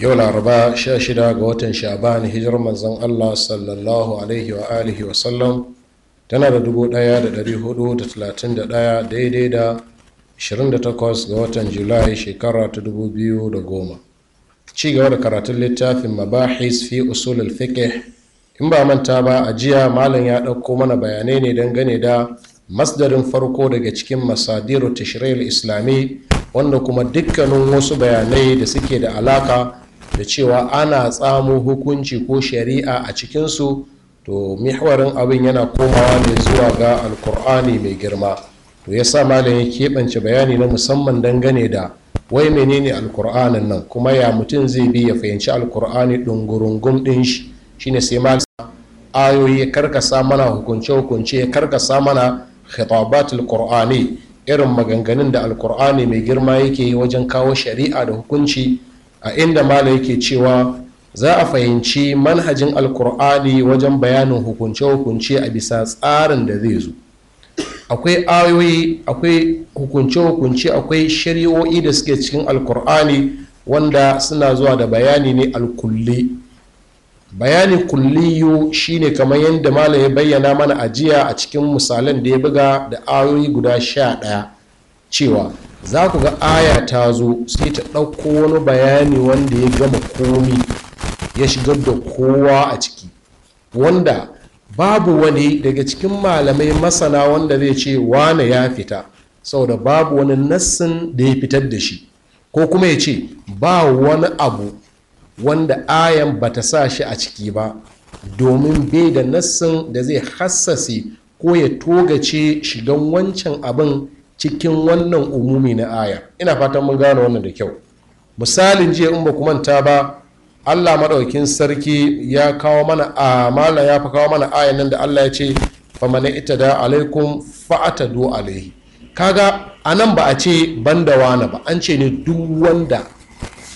yau laraba 16 ga watan sha'ban hijirar manzon allah sallallahu alaihi wa alihi wa sallam tana da 1431 daidai da 28 ga watan julai shekara ta 2010 ci gaba da karatun littafin mabahis fi usul al in ba manta ba a jiya malam ya ɗauko mana bayanai ne gane da masdarin farko daga cikin masadiru tashirai islami wanda kuma dukkanin wasu bayanai da suke da alaka da cewa ana tsamo hukunci ko shari'a a cikinsu to mihwarin abin yana komawa ne zuwa ga alkur'ani mai girma to ya sa malam ya keɓance bayani na musamman dangane da wai menene alkur'anin nan kuma ya mutum zai bi ya fahimci alkur'ani ɗungurungum ɗin shi shine sai ma ayoyi ya karkasa mana hukunce hukunce ya karkasa mana khitabatul qur'ani irin maganganun da alkur'ani mai girma yake yi wajen kawo shari'a da hukunci a inda malam yake cewa za a fahimci manhajin alkur'ani wajen bayanin hukunce-hukunce a bisa tsarin da zai zo akwai ayoyi akwai hukunce-hukunce akwai shari'o'i da suke cikin alkur'ani wanda suna zuwa da bayani ne alkulli bayani kulliyu shine kamar yadda malam ya bayyana mana ajiya a cikin misalin da ya buga da ayoyi guda sha ɗaya cewa za ku ga aya ta zo sai ta ɗauko wani bayani wanda ya gama komi ya shigar da kowa a ciki wanda babu wani daga cikin malamai masana wanda zai ce wane ya fita saboda babu wani nassin da ya fitar da shi ko kuma ya ce ba wani abu wanda ayan bata sa shi a ciki ba domin bai da nassin da zai hassase ko ya togace shigan wancan abin cikin wannan umumi na aya ina fatan mun gane wannan da kyau misalin jiya in ba ku manta ba allah maɗaukin sarki ya kawo mana amala ya fa kawo mana ayan nan da allah ya ce famana ita da alaikum fa'ata do alaihi kaga a nan ba a ce banda wani ba an ce ne duk wanda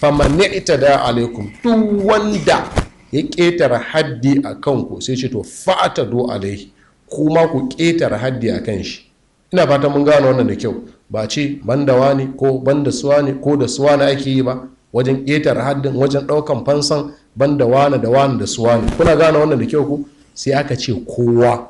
famana ita da alaikum duk wanda ya ƙetare haddi a kanku sai ce to fa'ata do alaihi kuma ku ƙetare haddi a kan shi ina fatan mun gano wannan da kyau ba ce da wani ko da suwa ne ko da suwa na ake yi ba wajen ƙetar haddin wajen ɗaukan fansan da wani da wani da suwa ne kuna gano wannan da kyau ku sai aka ce kowa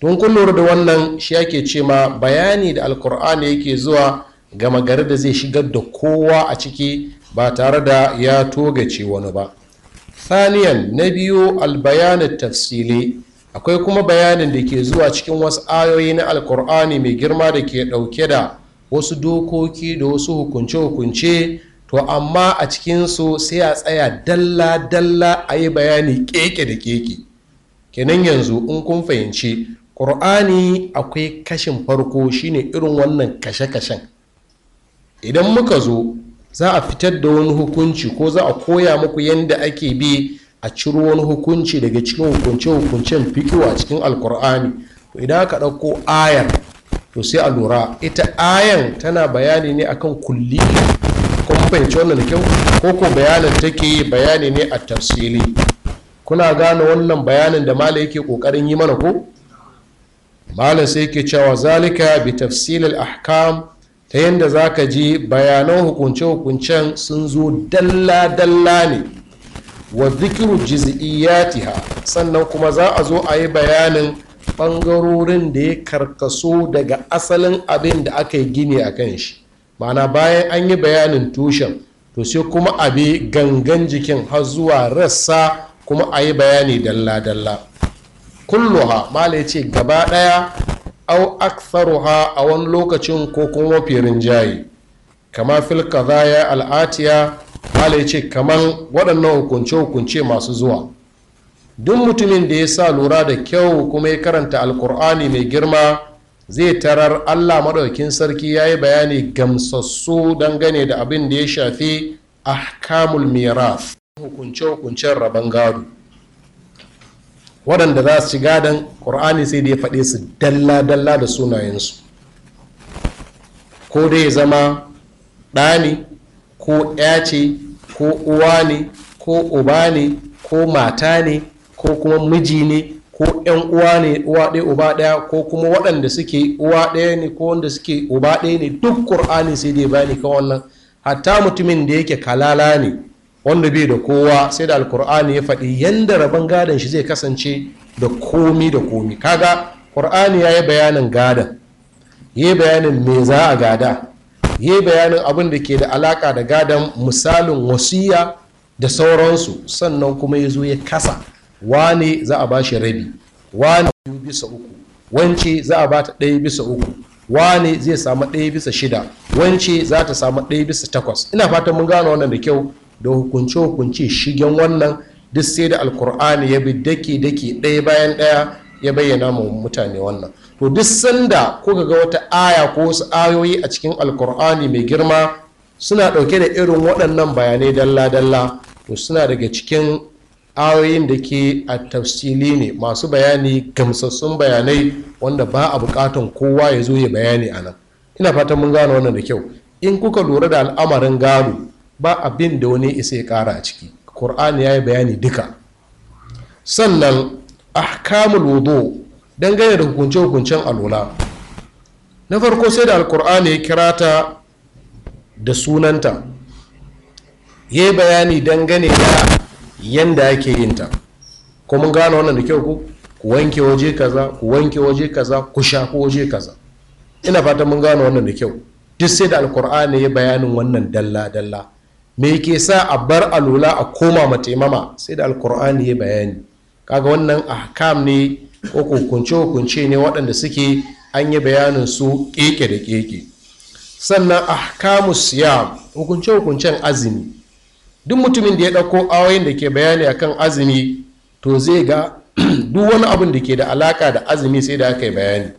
tun kun lura da wannan shi ake ce ma bayani da alkur'ani yake zuwa gama gari da zai shigar da kowa a ciki ba tare da ya togace wani ba thaniyan na biyu albayanin tafsili akwai kuma bayanin da ke zuwa cikin wasu ayoyi na alkur'ani mai girma da ke ɗauke da wasu dokoki da wasu hukunce-hukunce to amma a cikinsu sai a tsaya dalla-dalla a yi bayani keke da keke kenan yanzu in kun fahimci ƙur'ani akwai kashin farko shine irin wannan kashe-kashen idan muka zo za a fitar da wani hukunci ko za a koya muku yadda ake bi a ciro wani hukunci daga cikin hukunce-hukuncen fikiwa a cikin alkur'ani to idan aka ɗauko ayar to sai a lura ita ayan tana bayani ne akan kulli ko fahimci wannan da kyau ko ko bayanin take bayani ne a tafsili kuna gane wannan bayanin da malam yake kokarin yi mana ko malam sai yake cewa zalika bi tafsirin ahkam ta yanda zaka ji bayanan hukunce-hukuncen sun zo dalla-dalla ne wa zikiru jiz'iyatiha sannan kuma za a zo a yi bayanin ɓangarorin da ya karkaso daga asalin abin da aka yi gini a kan shi mana bayan an yi bayanin tushen to sai kuma a bi gangan jikin har zuwa rassa kuma a yi bayani dalla-dalla kulluha mala ya ce gaba ɗaya au aktharuha a wani lokacin ko kuma firin jayi kama fil ya al'atiya mala ya ce kamar waɗannan hukunce-hukunce masu zuwa duk mutumin da ya sa lura da kyau kuma ya karanta alkur'ani mai girma zai tarar allah maɗaukin sarki ya yi bayani gamsassu dangane da abin da ya shafi ahkamul miraf hukunce-hukuncen rabon gado waɗanda za su ci gadon ƙur'ani sai da ya faɗe su dalla-dalla da sunayensu ko dai zama ɗani ko ya ce ko uwa ne ko uba ne ko mata ne ko kuma miji ne ko yan uwa ne uwa ɗaya uba ɗaya ko kuma waɗanda suke uwa ɗaya ne ko wanda suke uba ɗaya ne duk ƙur'ani sai dai bani kan wannan hatta mutumin da yake kalala ne wanda bai da kowa sai da alkur'ani ya faɗi yanda rabon gadon shi zai kasance da komi da komi kaga ƙur'ani ya yi bayanin gadon ya yi bayanin me za a gada ya yi bayanin abin da ke da alaka da gadon misalin wasiya da sauransu sannan kuma ya zo ya kasa wane za a bashi rabi wane biyu bisa uku wance za a bata ɗaya bisa uku wane zai samu ɗaya bisa shida wance za ta samu ɗaya bisa takwas ina fatan mun gane wannan da kyau da hukunce hukunce shigen wannan duk sai da alkur'ani ya bi dake-dake ɗaya bayan ɗaya ya bayyana mu mutane wannan to duk sanda kuka ga wata aya ko wasu ayoyi a cikin alkur'ani mai girma suna ɗauke da irin waɗannan bayanai dalla-dalla to suna daga cikin ayoyin da ke a tafsili ne masu bayani gamsassun bayanai wanda ba a buƙatar kowa ya zo ya bayani a nan ina fatan mun gane wannan da kyau in kuka lura da al'amarin gado ba abin da wani isa ya ƙara a ciki ƙur'ani ya yi bayani duka sannan ahkamul wudu dangane da hukunce-hukuncen alwala na farko sai da alkur'ani ya kira ta da sunanta ya yi bayani dangane da yanda ake yin ta ko mun gane wannan da kyau ku ku wanke waje kaza ku wanke waje kaza ku shafi waje kaza ina fatan mun gane wannan da kyau duk sai da alkur'ani ya bayanin wannan dalla dalla me ke sa a bar alula a koma mataimama sai da alkur'ani ya bayani kaga wannan ahkam ne ko hukunce hukunce ne waɗanda suke an yi bayanin su keke da keke sannan ahkamu siyam hukunce hukuncen azumi duk mutumin da ya ɗauko awayin da ke bayani akan azumi to zai ga duk wani abin da ke da alaka da azumi sai da aka yi bayani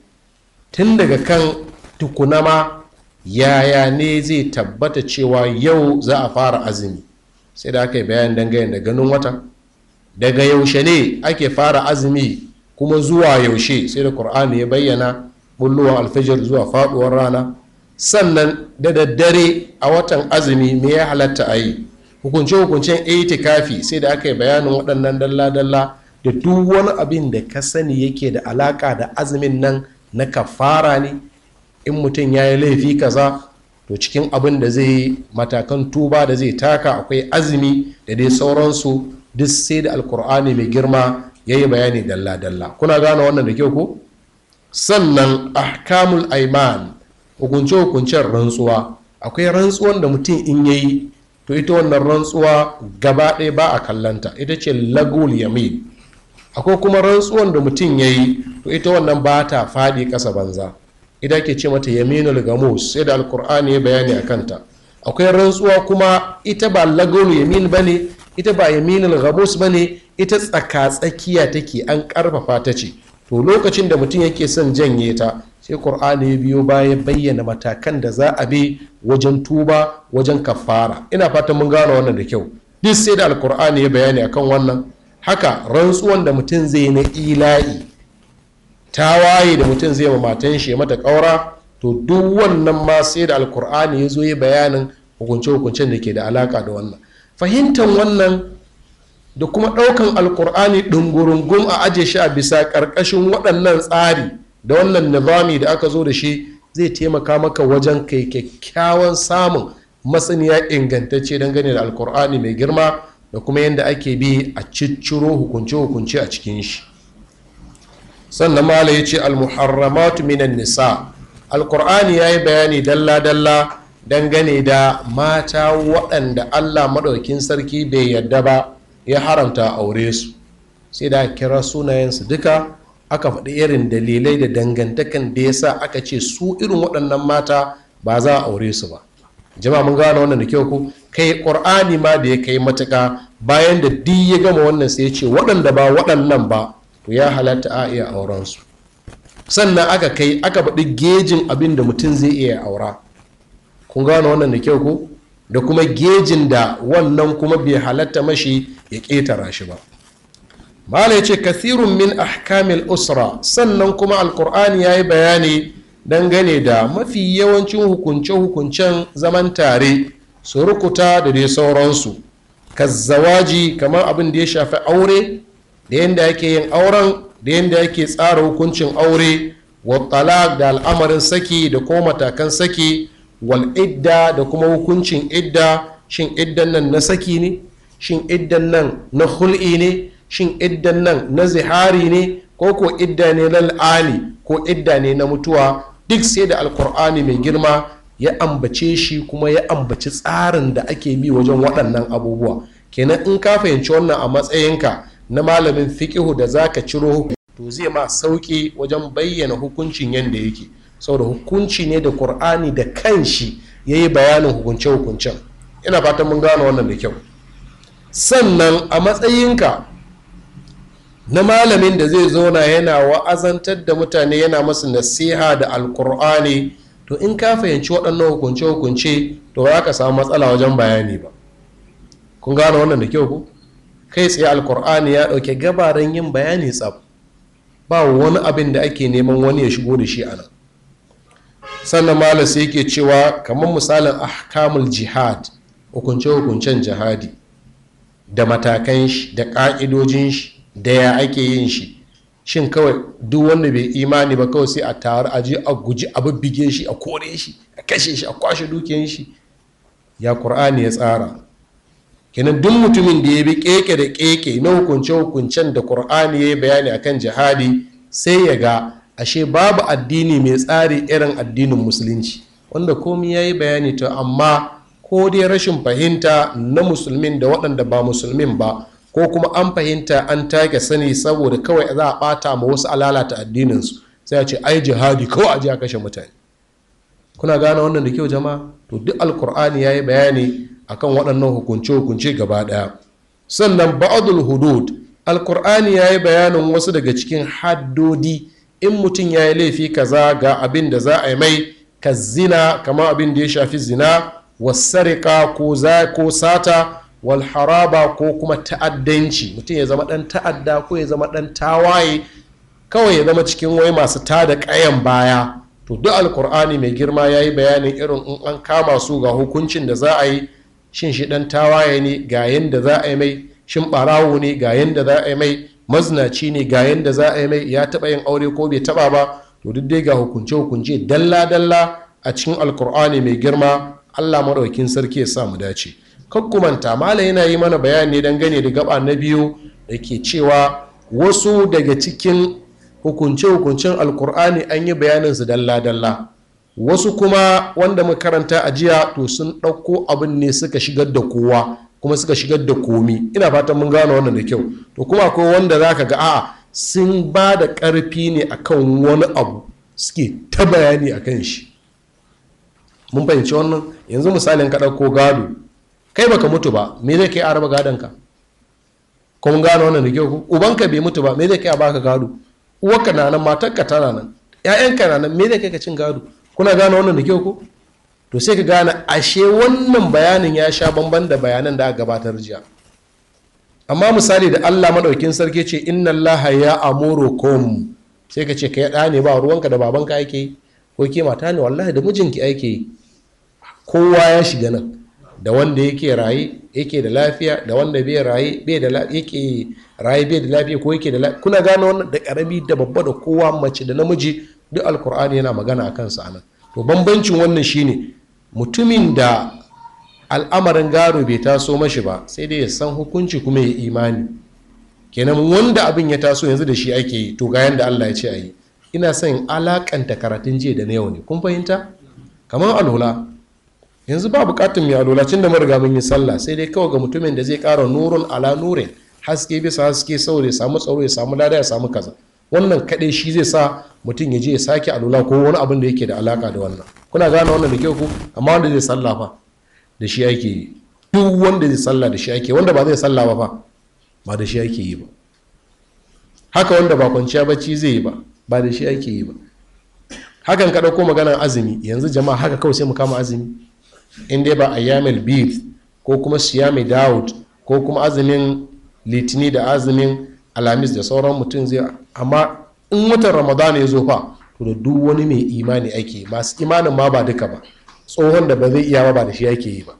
tun daga kan tukunama yaya ne zai tabbata cewa yau za a fara azumi sai da aka yi bayani dangane da ganin watan daga yaushe ne ake fara azumi kuma zuwa yaushe sai da ƙur'ani ya bayyana bulluwan alfijir zuwa faɗuwar rana sannan da daddare a watan azumi me ya halatta a yi hukunce hukuncen itikafi sai da aka yi bayanin waɗannan dalla-dalla da duk wani abin da ka sani yake da alaƙa da azumin nan na kafara ne in mutum ya yi laifi kaza to cikin abin da zai matakan tuba da zai taka akwai azumi da dai sauransu duk sai da alkur'ani mai girma ya yi bayani dalla-dalla kuna gano wannan da kyau ko sannan ahkamul aiman hukunce-hukuncen rantsuwa akwai rantsuwan da mutum in ya yi to ita wannan rantsuwa gaba ɗaya ba a kallanta ita ce lagul yamin akwai kuma rantsuwan da mutum ya yi to ita wannan ba ta faɗi ƙasa banza ita ke ce mata yaminul gamus sai da alkur'ani ya bayani a kanta akwai rantsuwa kuma ita ba lagul yamin ba ne ita ba yaminul ba ne, ita tsaka tsakiya take an karfafa ta ce to lokacin da mutum yake son janye ta sai qur'ani ya biyo baya bayyana matakan da za a bi wajen tuba wajen kafara ina fatan mun gano wannan da kyau duk sai da alqur'ani ya bayani akan wannan haka rantsuwan da mutum zai na ila'i ta waye da mutum zai ma matan shi mata kaura to duk wannan ma sai da alqur'ani ya zo ya bayanin hukunce-hukuncen da ke da alaka da wannan fahimtar wannan da kuma ɗaukan alkur'ani ɗungurungun a aje shi a bisa ƙarƙashin waɗannan tsari da wannan nizami da aka zo da shi zai taimaka maka wajen kai kyakkyawan samun masaniya ingantacce dangane da alkur'ani mai girma da kuma yadda ake bi a cicciro hukunce-hukunce a cikin shi sannan mala ya ce almuharramatu minan nisa alkur'ani ya yi bayani dalla-dalla dangane da mata waɗanda allah maɗaukin sarki bai yarda ba ya haramta aure su sai da kira sunayensu duka aka faɗi irin dalilai da dangantakan da ya sa aka ce su irin waɗannan mata ba za a aure su ba jama'a mun gane wannan da kyau ku kai ƙur'ani ma da ya kai matuka bayan da duk ya gama wannan sai ya ce waɗanda ba waɗannan ba to ya halatta a iya auren su sannan aka kai aka faɗi gejin abin da mutum zai iya aura kun gane wannan da kyau ko da kuma gejin da wannan kuma bai halatta mashi ya ƙetara shi ba mala ce kathirun min ahkamil usra sannan kuma alkur'ani ya yi bayani dangane da mafi yawancin hukunce-hukuncen zaman tare su rukuta da dai sauransu kazzawaji kamar abin da ya shafi aure da yadda yake yin auren da yadda yake tsara hukuncin aure wa da al'amarin saki da ko matakan saki wal da kuma hukuncin idda shin iddan nan na saki ne shin iddan nan na hul'i ne shin iddan nan na zihari ne ko ko idda ne lal'ani ko idda ne na mutuwa duk sai da alkur'ani mai girma ya ambace shi kuma ya ambaci tsarin da ake bi wajen waɗannan abubuwa kenan in ka fahimci wannan a matsayinka na malamin fiƙihu da zaka ciro to zai ma sauƙi wajen bayyana hukuncin yadda yake saboda hukunci ne da qur'ani da kanshi ya yi bayanin hukunce hukuncen ina fatan mun gane wannan da kyau sannan a matsayinka na malamin da zai zauna yana wa'azantar da mutane yana masu nasiha da alkur'ani to in ka fahimci waɗannan hukunce-hukunce to ba ka samu matsala wajen bayani ba kun gane wannan da kyau ku kai tsaye alkur'ani ya ɗauke gabaran yin bayani tsab ba wani abin da ake neman wani ya shigo da shi a nan sannan malam sai yake cewa kamar misalin ahkamul jihad hukunce-hukuncen jihadi da matakan shi da ƙa'idojin shi da ya ake yin shi shin kawai duk wanda bai imani ba kawai sai a taru a je a guji a bibbige shi a kore shi a kashe shi a kwashe dukiyan shi ya qur'ani ya tsara kenan duk mutumin da ya bi keke da keke na hukunce hukuncen da qur'ani ya yi bayani akan jihadi sai ya ga ashe babu addini mai tsari irin addinin musulunci wanda komi ya yi bayani to amma ko dai rashin fahimta na musulmin da waɗanda ba musulmin ba ko kuma an fahimta an take sani saboda kawai za a ɓata ma wasu alalata addininsu sai a ce ai jihadi kawai a ji a kashe mutane kuna gane wannan da kyau jama'a to duk alkur'ani ya yi bayani akan waɗannan hukunce-hukunce gaba ɗaya sannan ba'adul hudud alkur'ani ya yi bayanin wasu daga cikin haddodi in mutum ya yi laifi kaza ga abin da za a yi mai ka zina kama abin da ya shafi zina wasarika ko ko sata wal haraba ko kuma ta'addanci mutum ya zama dan ta'adda ko ya zama dan tawaye kawai ya zama cikin wai masu tada ƙayan baya to duk alkur'ani mai girma ya yi bayanin irin in an kama su ga hukuncin da za a yi shin shi dan tawaye ne ga yadda za a yi mai shin barawo ne ga yadda za a yi mai maznaci ne ga yanda za a yi mai ya taɓa yin aure ko bai taɓa ba to duk dai ga hukunce hukunce dalla dalla a cikin alkur'ani mai girma allah maɗaukin sarki ya sa mu dace kakkumanta malam yana yi mana bayani gane da gaba na biyu da ke cewa wasu daga cikin hukunce-hukuncen alkur'ani an yi bayaninsu dalla-dalla wasu kuma wanda karanta a jiya to sun ɗauko abin ne suka shigar da kowa kuma suka shigar da komi ina fatan mun gane wannan da kyau to kuma akwai wanda za ka ga a'a sun ba da ƙarfi ne akan wani abu suke ta bayani a kan shi mun fahimci wannan yanzu misalin ka ɗauko gado kai baka mutu ba me zai kai a raba gadon ka ko mun gane wannan da kyau ko ubanka bai mutu ba me zai kai a baka gado uwarka na nan matarka tana nan ƴaƴanka na nan me zai kai ka cin gado kuna gane wannan da kyau ko to sai ka gane ashe wannan bayanin ya sha bamban da bayanan da aka gabatar jiya amma misali da allah maɗaukin sarki ce inna laha ya amuru kom sai ka ce ka yaɗa ne ba ruwanka da babanka ake ko ke mata ne wallahi da mijinki ake kowa ya shiga nan da wanda yake raye yake da lafiya da wanda bai raye bai da yake raye bai da lafiya ko yake da kuna gane wannan da karami da babba da kowa mace da namiji duk alkur'ani yana magana akan sa nan to bambancin wannan shine mutumin da al'amarin garo bai taso mashi ba sai dai ya san hukunci kuma ya imani kenan wanda abin ya taso yanzu da shi ake yi to ga yanda Allah ya ce a yi ina son alakanta karatun jiya da na yau ne kun fahimta kamar alula yanzu ba bukatun mai alola cin da mariga mun yi sallah sai dai kawai ga mutumin da zai kara nurun ala nurin haske bisa haske saboda ya samu tsaro ya samu lada ya samu kaza wannan kaɗai shi zai sa mutum ya je ya sake alula ko wani abin da yake da alaka da wannan kuna gane wannan da kyau ku amma wanda zai salla fa da shi ake yi duk wanda zai salla da shi ake wanda ba zai salla ba fa ba da shi ake yi ba haka wanda ba kwanciya bacci zai yi ba ba da shi ake yi ba hakan ka dauko maganar azumi yanzu jama'a haka kawai sai mu kama azumi in dai ba ayyamil bid ko kuma siyami daud ko kuma azumin litini da azumin alhamis da sauran mutum zai amma in watan ramadana ya zo fa to da duk wani mai imani ake masu imanin ma ba duka ba tsohon da ba zai iya ba da shi ake yi ba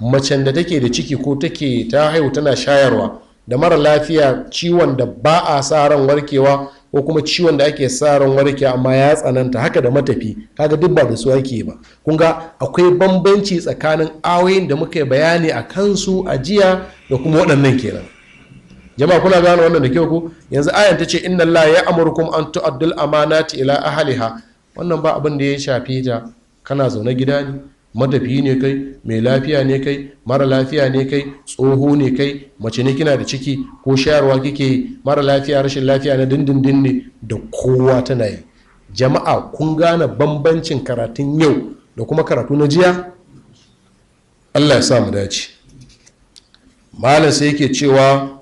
macen da take da ciki ko take ta haihu tana shayarwa da mara lafiya ciwon da ba a sa ran warkewa ko kuma ciwon da ake sa ran warke amma ya tsananta haka da matafi kaga duk ba da su ake ba kun ga akwai bambanci tsakanin awoyin da muka yi bayani a kansu a jiya da kuma waɗannan kenan jama'a kuna gane wannan da kyau ko yanzu ayan ta ce inna Allah ya amurkum an tu'addul amanati ila ahliha wannan ba abin da ya shafi ta kana zaune gida ne matafi ne kai mai lafiya ne kai mara lafiya ne kai tsoho ne kai mace ne kina da ciki ko shayarwa kike mara lafiya rashin lafiya na dindindin ne da kowa tana yi jama'a kun gane bambancin karatun yau da kuma karatu na jiya allah ya sa mu dace malam sai yake cewa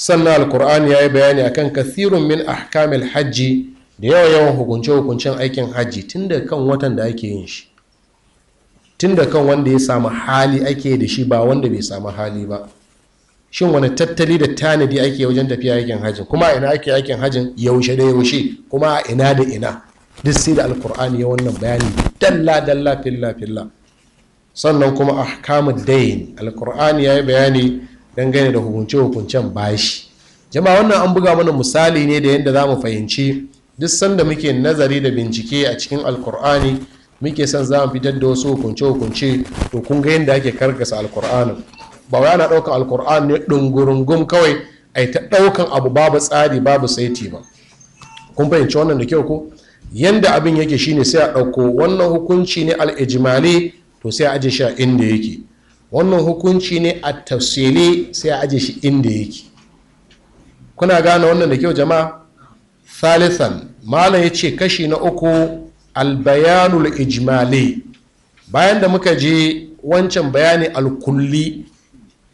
sannan alkur'ani ya yi bayani akan kathirun min ahkamil hajji da yawa yawan hukunce-hukuncen aikin hajji tun da kan watan da ake yin shi tun da kan wanda ya samu hali ake da shi ba wanda bai samu hali ba shin wani tattali da tanadi ake wajen tafiya aikin hajji kuma a ina ake aikin hajjin yaushe da yaushe kuma a ina da ina duk sai da alkur'ani ya wannan bayani dalla dalla filla filla sannan kuma ahkamud dayn alkur'ani ya yi bayani dangane da hukunce-hukuncen bashi jama'a wannan an buga mana misali ne da yadda za mu fahimci duk sanda muke nazari da bincike a cikin alkur'ani muke son za mu fitar da wasu hukunce-hukunce to kun ga yadda ake karkasa alkur'anin ba wai ana ɗaukan alkur'an ne ɗungurungum kawai a ta ɗaukan abu babu tsari babu saiti ba kun fahimci wannan da kyau ko yanda abin yake shine sai a ɗauko wannan hukunci ne al'ijimali to sai a aje shi a inda yake wannan hukunci ne a tafsili sai a aje shi inda yake kuna gane wannan da kyau jama'a thalithan malam ya ce kashi na uku albayanul ijmali bayan da muka je wancan bayani alkulli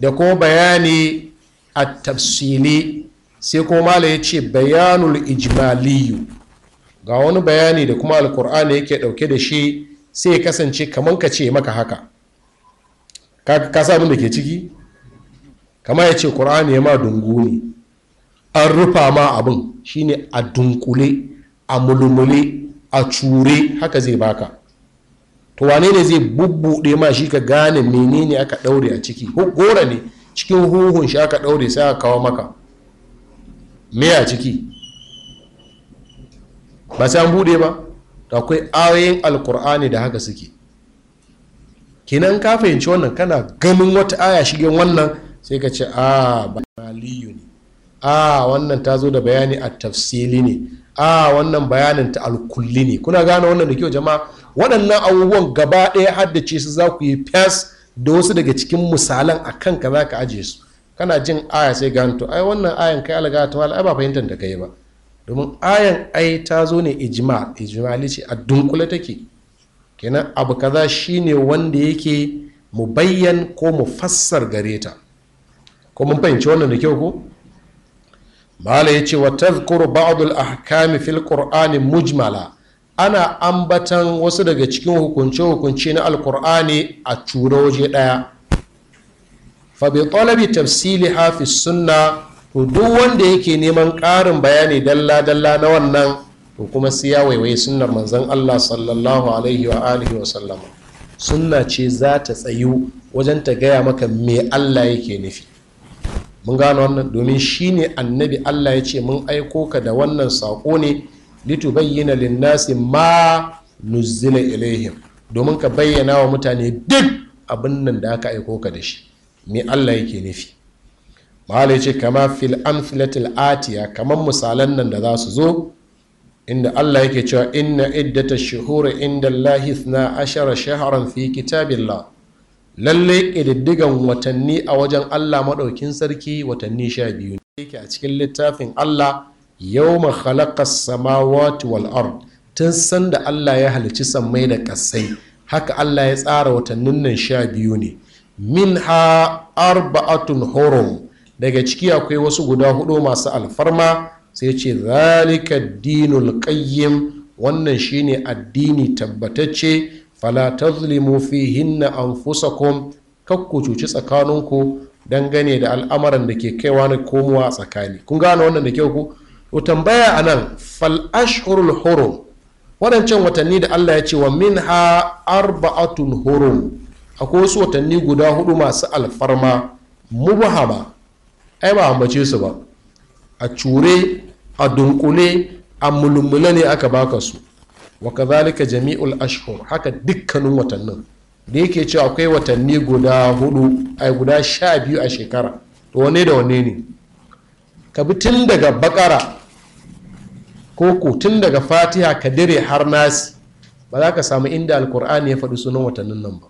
da ko bayani a tafsili sai ko mala ya ce bayanul ijmaliyu ga wani bayani da kuma alkur'ani yake dauke da shi sai ya kasance kamar ka ce maka haka ka sa abin da ke ciki kama ya ce ƙur'ani ya ma dungu ne an rufa ma abin shine a dunkule a mulmule a cure haka zai baka to wane ne zai bubbuɗe ma shi ka gane menene aka ɗaure a ciki gora ne cikin huhun shi aka ɗaure sai aka kawo maka me a ciki ba sai an buɗe ba akwai ayoyin alkur'ani da haka suke kenan ka fahimci wannan kana ganin wata aya shigen wannan sai ka ce a ah, ba ne a ah, wannan ta zo da bayani a tafsili ne a ah, wannan bayanin ta alkulli ne kuna gane wannan da kyau jama'a waɗannan abubuwan gaba ɗaya haddace su za ku yi fes da wasu daga cikin misalan a kan ka za ka ajiye su kana jin aya sai ganto ai wannan ayan kai alaga ta wala ai ba fahimtar da kai ba domin ayan ai ta zo ne ijma ijmali ce a dunkule take kenan abu kaza shine wanda yake mu bayyan ko mu fassar gare ta ko mun fahimci wannan da kyau ko mala ya ce wa tazkuru ba'dul ahkami fil qur'ani mujmala ana ambatan wasu daga cikin hukunce-hukunce na alkur'ani a cura waje ɗaya fabi talabi tafsili hafi sunna to duk wanda yake neman ƙarin bayani dalla-dalla na wannan to kuma su ya waiwaye sunnar manzon Allah sallallahu alaihi wa alihi wa sallama sunna ce za ta tsayu wajen ta gaya maka me Allah yake nufi mun gano wannan domin shine annabi Allah ya ce mun aiko ka da wannan sako ne litubayyana linnasi ma Nuzzila ilaihim domin ka bayyana wa mutane duk abin nan da aka aiko ka da shi me Allah yake nufi mahala ya ce kama fil amfilatil atiya kamar misalan nan da za su zo inda Allah yake cewa inna iddata shuhuri inda Allahi na ashara shaharan fi kitabillah lalle ƙididdigan watanni a wajen Allah maɗaukin sarki watanni sha biyu ne yake a cikin littafin Allah yau khalaqas samawati wal ard tun sanda Allah ya halici sammai da ƙasai haka Allah ya tsara watannin nan sha ne min ha arba'atun hurum daga ciki akwai wasu guda hudu masu alfarma sai ce zalika dinul qayyim wannan shine addini tabbatacce fala tazlimu fihinna anfusakum kakku cuci tsakaninku dangane da al'amuran da ke kaiwa na komowa tsakani kun gane wannan da kyau ku to tambaya anan fal ashhurul hurum waɗancan watanni da Allah ya ce wa minha arba'atun hurum akwai wasu watanni guda hudu masu alfarma mubahama ai ba ambace su ba a cure a dunkule a mulmula ne aka baka su wa kazalika jami'ul ashhur haka dukkanin watannin da yake cewa akwai watanni guda hudu ai guda sha biyu a shekara to wane da wane ne ka bi tun daga bakara ko ko tun daga fatiha ka dire har nasi ba za ka samu inda alkur'ani ya faɗi sunan watannin nan ba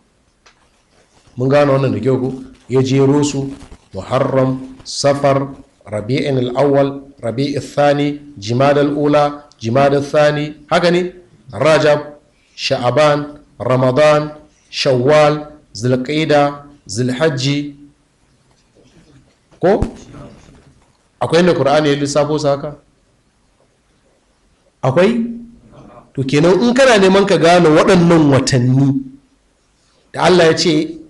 mun gano wannan da kyau ya jero su muharram safar rabi'in al'awwal rabi'in thani jimad al'ula jimad thani haka ne rajab sha'aban ramadan shawwal zulqaida zulhajji ko akwai inda qur'ani ya lissafo su haka akwai to kenan in kana neman ka gane waɗannan watanni da Allah ya ce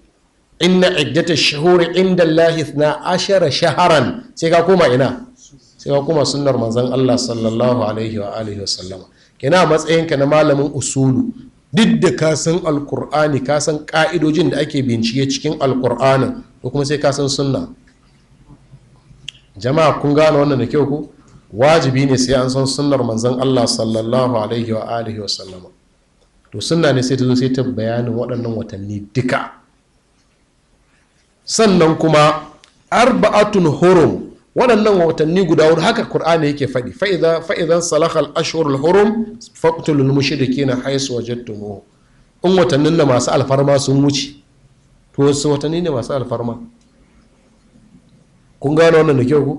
inna iddata shuhuri inda Allah na ashara shaharan sai ka koma ina sai ka koma sunnar manzon Allah sallallahu alaihi wa alihi wa sallama kina matsayinka na malamin usulu duk da ka san alkur'ani ka san ka'idojin da ake bincike cikin alkur'anin ko kuma sai ka san sunna jama'a kun gane wannan da kyau ko wajibi ne sai an san sunnar manzon Allah sallallahu alaihi wa alihi wa sallama to sunna ne sai ta zo sai ta bayanin waɗannan watanni duka sannan kuma arba'atun hurum waɗannan watanni guda wuri haka qur'ani yake faɗi fa'iza fa'izan salahal ashhurul hurum faqtulul mushrikeena haythu wajadtumuh in watannin da masu alfarma sun wuce to wasu watanni ne masu alfarma kun gano wannan da kyau ku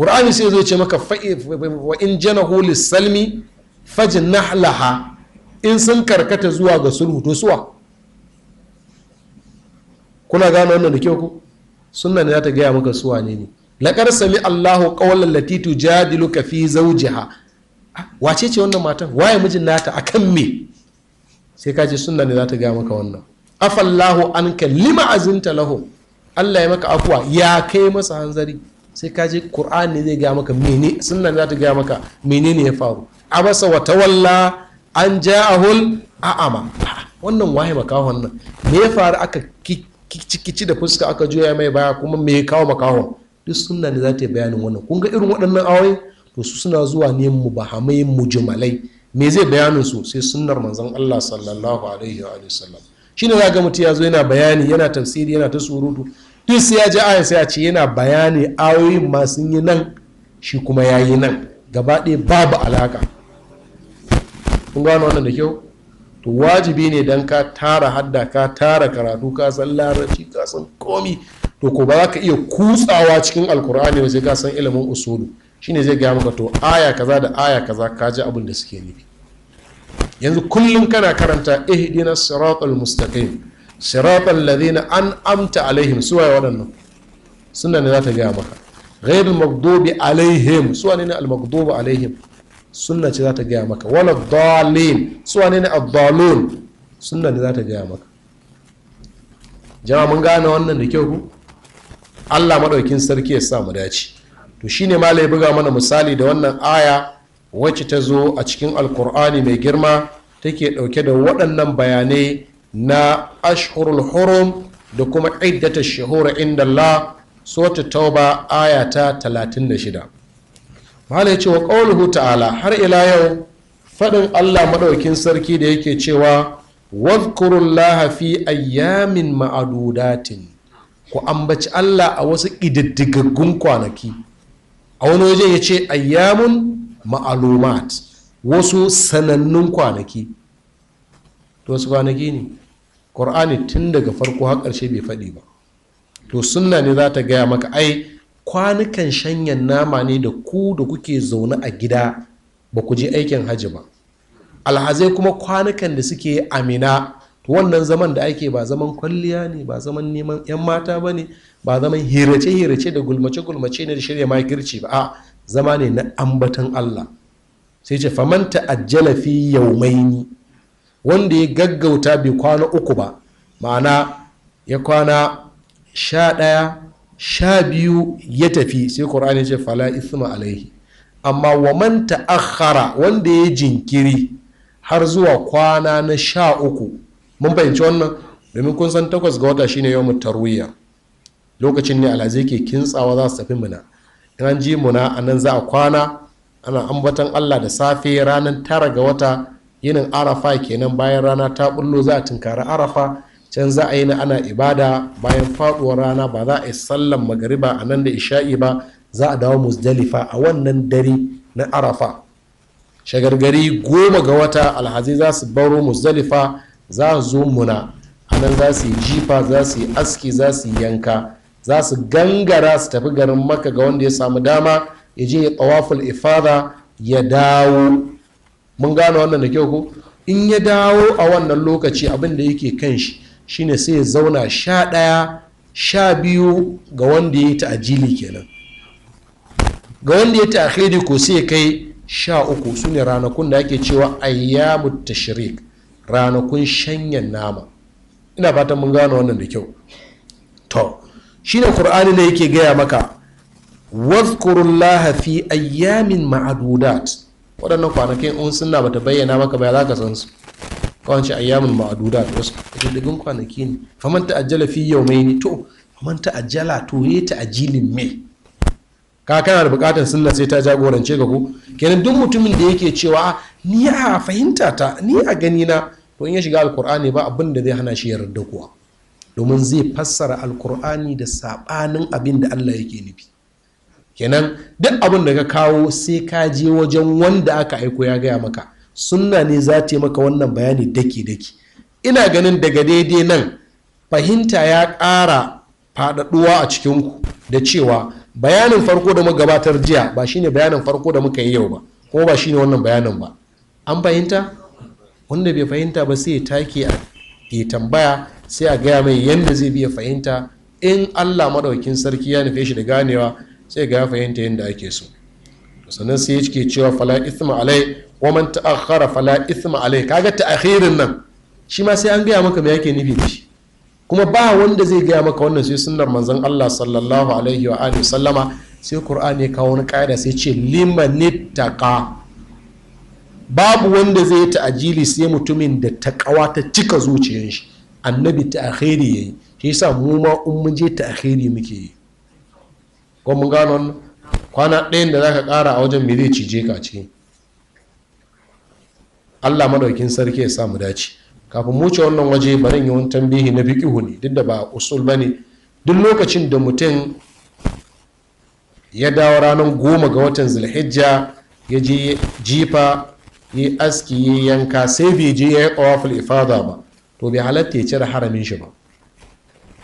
qur'ani sai zai ce maka wa in janahu lis-salmi na laha in sun karkata zuwa ga sulhu to suwa kuna gane wannan da kyau ku sunna ne za ta gaya maka suwa ne ne laqad sami Allahu qawlan lati ka fi zawjiha ah, wace ce wannan matan waye mijin nata akan me sai ka ce sunna ne za ta gaya maka wannan afallahu an lima azinta lahu Allah ya maka afuwa ya kai masa hanzari sai ka je ne zai gaya maka mene sunna ne za ta gaya maka menene ya faru abasa wa tawalla an ja'ahul a'ama wannan waye maka wannan me ya faru aka kici da fuska aka juya mai baya kuma me kawo makawon duk suna ne za ta yi bayanin wannan kun ga irin waɗannan awai to su suna zuwa ne mu hamai mu jumalai me zai bayanin su sai sunnar manzon Allah sallallahu alaihi wa sallam shine za ga mutum ya zo yana bayani yana tafsiri yana ta surutu duk sai ya ji ayan sai a ce yana bayani awai ma yi nan shi kuma ya yi nan gaba ɗaya babu alaka kun gano wannan da kyau to wajibi ne dan ka tara hadda ka tara karatu ka san larabci ka san komi to ko ba za ka iya kutsawa cikin alkur'ani ba sai ka san ilimin usulu shine zai gaya maka to aya kaza da aya kaza ka ji abin da suke nufi yanzu kullum kana karanta ihdina siratal mustaqim siratal ladina amta alaihim suwa waɗannan sunna ne za ta gaya maka ghairul maghdubi alaihim suwa ne al maghdubi alaihim sunna ce za ta gaya maka wala dalil su wane ne addalun sunna ne za ta gaya maka jama'a mun gane wannan da kyau ku Allah maɗaukin sarki ya sa mu dace to shine malai buga mana misali da wannan aya wacce ta zo a cikin alkur'ani mai girma take ɗauke da waɗannan bayanai na ashhurul hurum da kuma iddata shahura inda Allah sota tauba aya ta 36 malai cewa ƙaunuhu ta'ala har ila yau faɗin allah maɗaukin sarki da yake cewa wadhkurullaha fi ayyamin ma'adudatin ku ambaci allah a wasu ƙididdigaggun kwanaki a wani waje ya ce ayyamun ma'alumat wasu sanannun kwanaki to wasu kwanaki ne ƙur'ani tun daga farko har bai faɗi ba to sunna ne za ta gaya maka ai kwanukan shanyan nama ne da ku da kuke zaune a gida ba ku je aikin hajji ba alhazai kuma kwanukan da suke amina wannan zaman da ake ba zaman kwalliya ne ba zaman neman 'yan mata ba ne ba zaman hirace-hirace da gulmace-gulmace ne da shirya makirci ba a zama ne na ambatan Allah sai ce a jalafi fi yaumaini wanda ya gaggauta bai kwana uku ba ma'ana ya kwana sha ɗaya sha biyu ya tafi sai ƙur'ani ce fala isma alaihi amma wa manta ta'akhara wanda ya jinkiri har zuwa kwana na sha uku mun fahimci wannan domin kun san takwas ga wata shine yawon tarwiya. lokacin ne alhazai ke kintsawa za su tafi muna in ji muna a nan za a kwana ana ambatan allah da safe ranar tara ga wata yinin arafa kenan bayan rana ta bullo za a tunkari arafa can za a yi na ana ibada bayan faduwar rana ba za a yi sallan magariba a nan da isha'i ba za a dawo musdalifa a wannan dare na arafa shagargari goma ga wata alhazi za su baro musdalifa za su zo muna a nan za su yi jifa za su yi aski za su yi yanka za su gangara su tafi garin maka ga wanda ya samu dama ya je ya tawaful ifada ya dawo mun gane wannan da kyau ko in ya dawo a wannan lokaci abin da yake kan shi shine sai ya zauna sha ɗaya sha biyu ga wanda ya yi ta'ajili kenan ga wanda ya ta'ajili ko sai ya kai sha uku su ne ranakun da ake cewa ta tashrik ranakun shanyan nama ina fatan mun gano wannan da kyau to shine qur'ani ne yake gaya maka wadhkurullaha lahafi ayyamin ma'adudat waɗannan kwanakin in sunna bata bayyana maka ba za ka san su kowace ayyamin maduda wasu ƙididdigan kwanaki ne faman ta'ajjala fi yau mai ne to faman ta'ajjala to ya ta'ajilin me ka kana da bukatar sunna sai ta jagorance ka ko kenan duk mutumin da yake cewa ni a fahimta ta ni a gani na to in ya shiga alkur'ani ba abin da zai hana shi yarda kuwa domin zai fassara alkur'ani da sabanin abin da Allah yake nufi kenan duk abin da ka kawo sai ka je wajen wanda aka aiko ya gaya maka sunna ne za ta maka wannan bayani daki-daki ina ganin daga daidai nan fahimta ya ƙara faɗaɗuwa a cikinku da cewa bayanin farko da muka gabatar jiya ba shine bayanin farko da muka yi yau ba kuma ba shine wannan bayanin ba an fahimta wanda bai fahimta ba sai ya take a ya tambaya sai a gaya mai yadda zai biya fahimta in allah maɗaukin sarki ya nufe shi da ganewa sai ga ya fahimta yadda ake so sannan sai ya cike cewa fala ithma alai wa man ta'akhkhara fala ithma alayhi kaga ta'akhirin nan shi ma sai an gaya maka me yake nufi da shi kuma ba wanda zai gaya maka wannan sai sunnar manzon Allah sallallahu alaihi wa alihi sallama sai Qur'ani ya kawo wani kaida sai ce limanittaqa babu wanda zai ta ajili sai mutumin da takawa ta cika zuciyar shi annabi ta'akhiri yayi shi yasa mu ma in mun je ta'akhiri muke yi ko mun gano kwana ɗayan da zaka ƙara a wajen me zai cije ka ce allah madaukin sarki ya sa mu dace kafin mu ce wannan waje bari yi wani tambihi na fiqihu ne duk da ba usul bane duk lokacin da mutum ya dawo ranar goma ga watan zulhijja ya je jifa ya aski ya yanka sai bai je ya yi tsawaful ifada ba to bai halatta ya cire haramin shi ba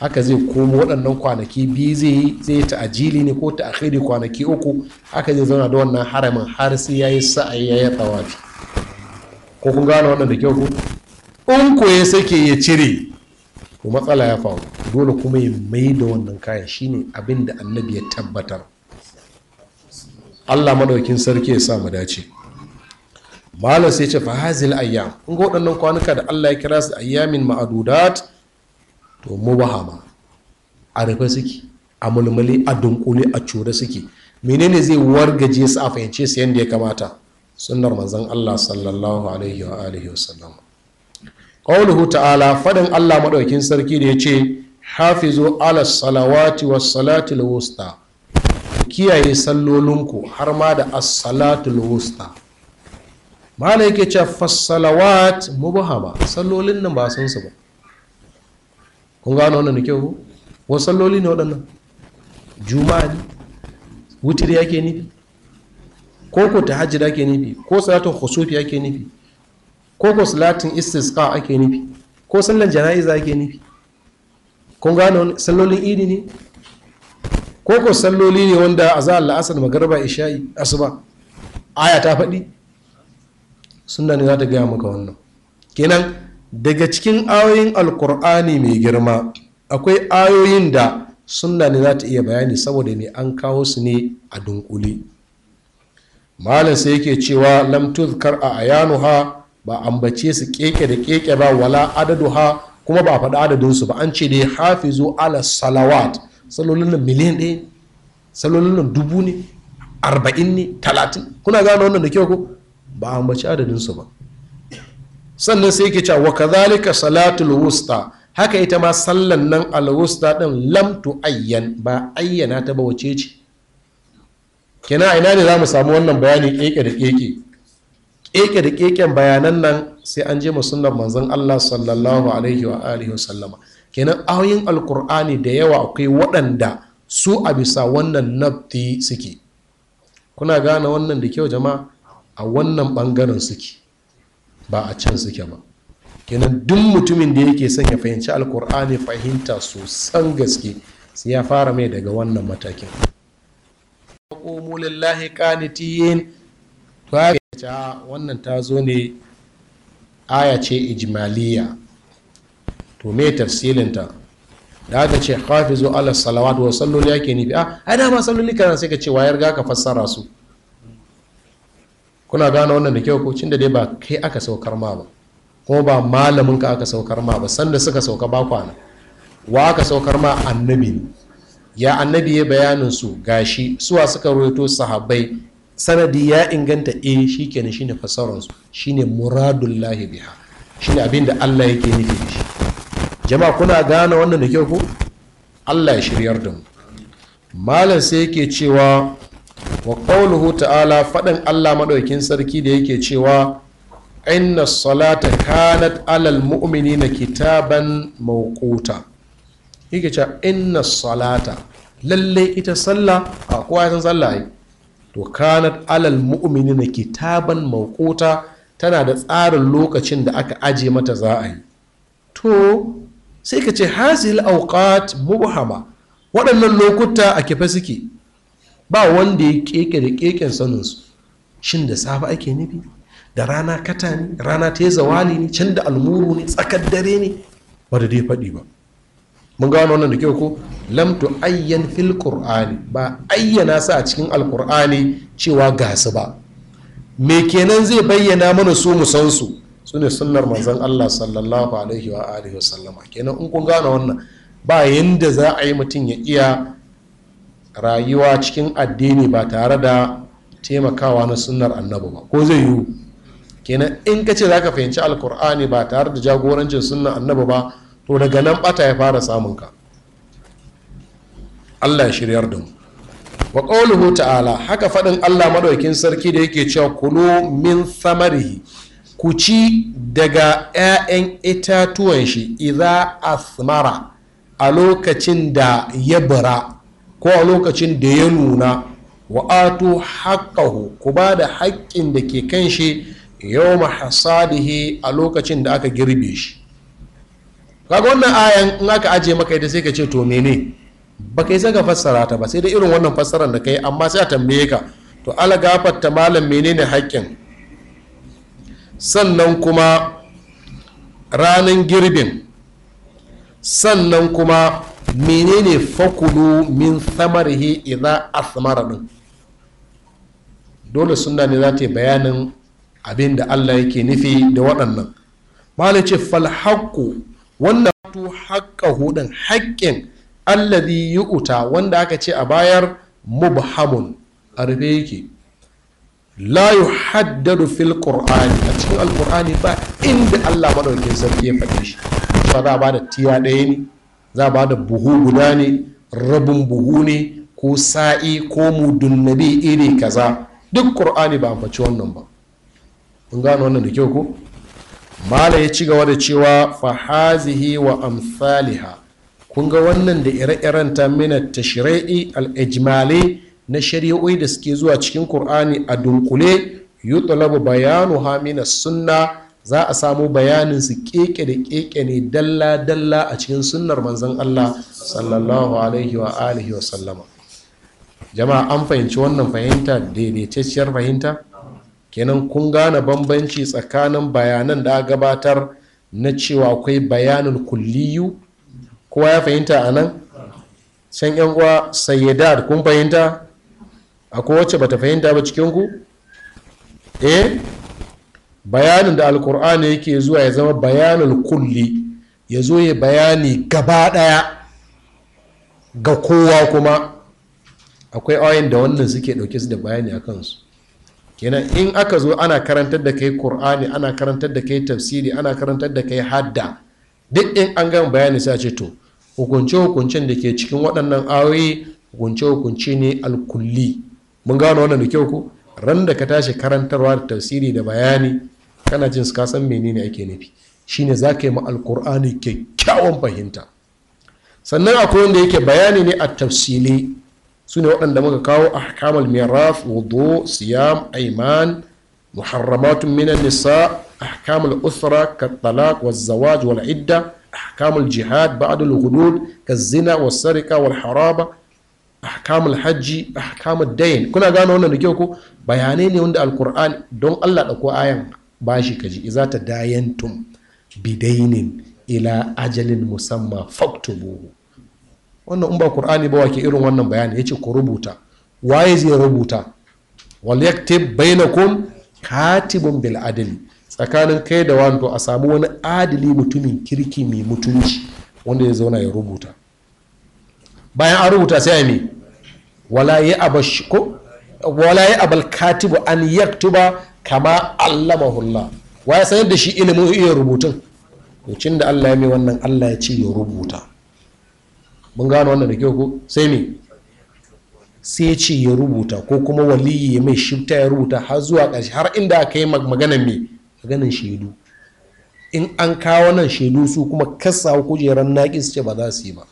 haka zai komo waɗannan kwanaki biyu zai ta ajili ta'ajili ne ko ta'akhiri kwanaki uku haka zai zauna da wannan haramin har sai ya yi sa'ayi ya yi tsawafi ko kun gane wannan da kyau in ko ya sake ya cire ko matsala ya faru dole kuma ya mai da wannan kayan shine abin da annabi ya tabbatar Allah madaukin sarki ya sa mu dace malam sai ce fa hazil ayyam in ga waɗannan kwanuka da Allah ya kira su ayyamin ma'adudat to mu mubahama a rufe suke a mulmuli a dunkule a cure suke menene zai wargaje su a fahimce su yadda ya kamata sunnar manzon Allah sallallahu alaihi wa alihi sallam qawluhu ta'ala fadin Allah madaukin sarki da yace hafizu ala salawati was salati wusta kiyaye sallolinku har ma da as-salatu wusta mala yake ce fassalawat ba, sallolin nan ba san su ba kun gano wannan da kyau wa salloli ne waɗannan juma'a ne wutir yake nufi ko ko ta tahajjud ake nufi ko salatun khusufi ake nufi ko ko salatin istisqa ake nufi ko sallan jana'iza ake nufi kun gano sallolin idi ne ko ko salloli ne wanda a za Allah asar magarba isha'i asuba aya ta faɗi sunna ne za ta gaya maka wannan kenan daga cikin ayoyin alkur'ani mai girma akwai ayoyin da sunna ne za ta iya bayani saboda ne an kawo su ne a dunkule malin sai yake cewa lamtuz kar a ayanu ha, ba ambace su keke da keke ba wala adadu ha, kuma ba faɗi adadinsu ba an ce dai hafizu ala salawat salolin nan miliyan ɗaya salolin nan dubu ne arba'in ne talatin kuna gano wannan da kyau ko ba ambaci adadinsu ba sannan sai yake cewa wa kazalika salatul wusta haka ita ma sallan nan al wusta din lam tu ayyan ba ayyana ta ba wace ce kina ina ne za mu samu wannan bayani keke da keke keke da keken bayanan nan sai an je musulman manzon Allah sallallahu alaihi wa alihi wa sallama kenan ayoyin alkur'ani da yawa akwai waɗanda su a bisa wannan nafti suke kuna gane wannan da kyau jama'a a wannan bangaren suke ba a can suke ba kenan duk mutumin da yake son ya fahimci alkur'ani fahimta sosan gaske sai ya fara mai daga wannan matakin qumu wannan ta zo ne aya ce ijmaliya to me tafsilinta da aka ce hafizu ala salawat wa salloli ake nufi a ai dama salloli kana sai ka ce wayar ga ka fassara su kuna gane wannan da kyau ko cin da dai ba kai aka saukar ma ba kuma ba malamin ka aka saukar ma ba sanda suka sauka ba wa aka saukar ma annabi ne ya annabi ya bayanin su gashi suwa suka roto sahabbai sanadi ya inganta e eh, shi kenan shine fasarar su shine muradun lahi biha shine abin da Allah yake nufi da shi jama'a kuna gane wannan da kyau ko Allah ya shiryar da mu malam sai yake cewa wa qawluhu ta'ala faɗin Allah maɗaukin sarki da yake cewa inna salata kanat alal mu'minina kitaban mawquta yake cewa inna salata lalle ita sallah a kowa ya san sallah ai to kanat alal mu'minina kitaban mawquta tana da tsarin lokacin da aka aje mata za a yi to sai ka ce hazil awqat mubhama waɗannan lokuta a kife suke ba wanda ya keke da keken saninsu shin da safe ake nufi da rana kata ne rana ta yi zawali ne can da almuru ne tsakar dare ne ba da dai faɗi ba mun gano wannan da kyau ko lam tu ayyan fil qur'ani ba ayyana sa a cikin alqur'ani cewa ga su ba me kenan zai bayyana mana su mu san su sune sunnar manzon Allah sallallahu alaihi wa alihi wasallama kenan in kun gano wannan ba yanda za a yi mutum ya iya rayuwa cikin addini ba tare da taimakawa na sunnar annabi ba ko zai yiwu kenan in ka ce za ka fahimci alkur'ani ba tare da jagorancin sunnar annabi ba to daga nan bata ya fara samun ka allah ya shiryar da mu wa qawluhu ta'ala haka faɗin allah maɗaukin sarki da yake cewa kulu min samarihi ku ci daga 'ya'yan itatuwan shi idza asmara a lokacin da ya bara ko a lokacin da ya nuna wa'atu haƙƙahu ku ba da haƙƙin da ke kan shi yau hasadihi a lokacin da aka girbe shi kaga wannan ayan in aka aje maka ita sai ka ce to mene ba kai saka fassara ta ba sai da irin wannan fassarar da kai amma sai a tambaye ka to ala gafar ta malam menene haƙƙin sannan kuma ranan girbin sannan kuma menene fakulu min samarihi idza asmara din dole suna ne za ta yi bayanin abin da Allah yake nufi da waɗannan malam ce falhaku wannan tu haƙƙa hudun haƙƙin allazi yu'ta wanda aka ce a bayar mubhamun a rufe yake Layu yuhaddadu fil qur'ani a cikin alqur'ani ba inda Allah madaukakin sarki ya faɗi shi ba za a ba da tiya ɗaya ne za a ba da buhu guda ne rabin buhu ne ko sa'i ko mudunnabi iri kaza duk qur'ani ba a faci wannan ba Kun gano wannan da kyau ko mala ya ci gaba da cewa fahazihi wa amsaliha kun ga wannan da ire-iren ta mina ta al-ijmali na shari'o'i da suke zuwa cikin Kur'ani, a dunkule yutlabu bayanu ha mina sunna za a samu bayanin su keke da keke ne dalla dalla a cikin sunnar manzon Allah sallallahu alaihi wa alihi wa sallama jama'a an fahimci wannan fahimta daidaitacciyar fahimta kenan kun gane bambanci tsakanin bayanan da gabatar na cewa akwai bayanin kulliyu kowa ya fahimta a nan can yan uwa sayyidat kun fahimta kowace ba bata fahimta ba cikinku? ku eh bayanin da alkur'ani yake zuwa ya zama bayanin kulli ya zo ya bayani gaba daya ga kowa kuma akwai ayin da wannan suke dauke su da bayani a kansu kenan in aka zo ana karantar da kai Kur'ani, ana karantar da kai tafsiri ana karantar da kai hadda duk in an gan bayani sai ce to hukunce hukuncen da ke cikin waɗannan ayoyi hukunce hukunce ne alkulli mun gano wannan da kyau ko ran da ka tashi karantarwa da tafsiri da bayani kana jin ka san menene ake nufi shine za ka yi ma alkur'ani kyakkyawan fahimta sannan akwai wanda yake bayani ne a tafsili su ne waɗanda muka kawo hakamar miraf wudu siyam aiman muharramatun minan nisa hakamar usra ka talak wa zawaj wal idda hakamar jihad ba hudud ka zina wa sarika wal haraba hakamar hajji hakamar dayn kuna gano wannan da kyau ko bayanai ne wanda alkur'an don Allah da ko ayan bashi ji za ta dayantum bidainin ila ajalin musamman faktubuhu wannan in ba qur'ani ba wake irin wannan bayani ce ku rubuta waye zai rubuta wal yaktib bainakum katibun bil adli tsakanin kai da wani a samu wani adali mutumin kirki mai mutunci wanda ya zauna ya rubuta bayan an rubuta sai a me wala ya abash wala abal katibu an yaktuba kama allamahullah wa ya sanar da shi ilimin iya rubutun to da Allah ya mai wannan Allah ya ce ya rubuta mun gano wannan da kyau ko sai me sai ce ya rubuta ko kuma waliyi ya mai shifta ya rubuta har zuwa ƙarshe har inda aka yi maganan me maganan shaidu in an kawo nan shaidu su kuma kasa kujeran naƙi su ce ba za su yi ba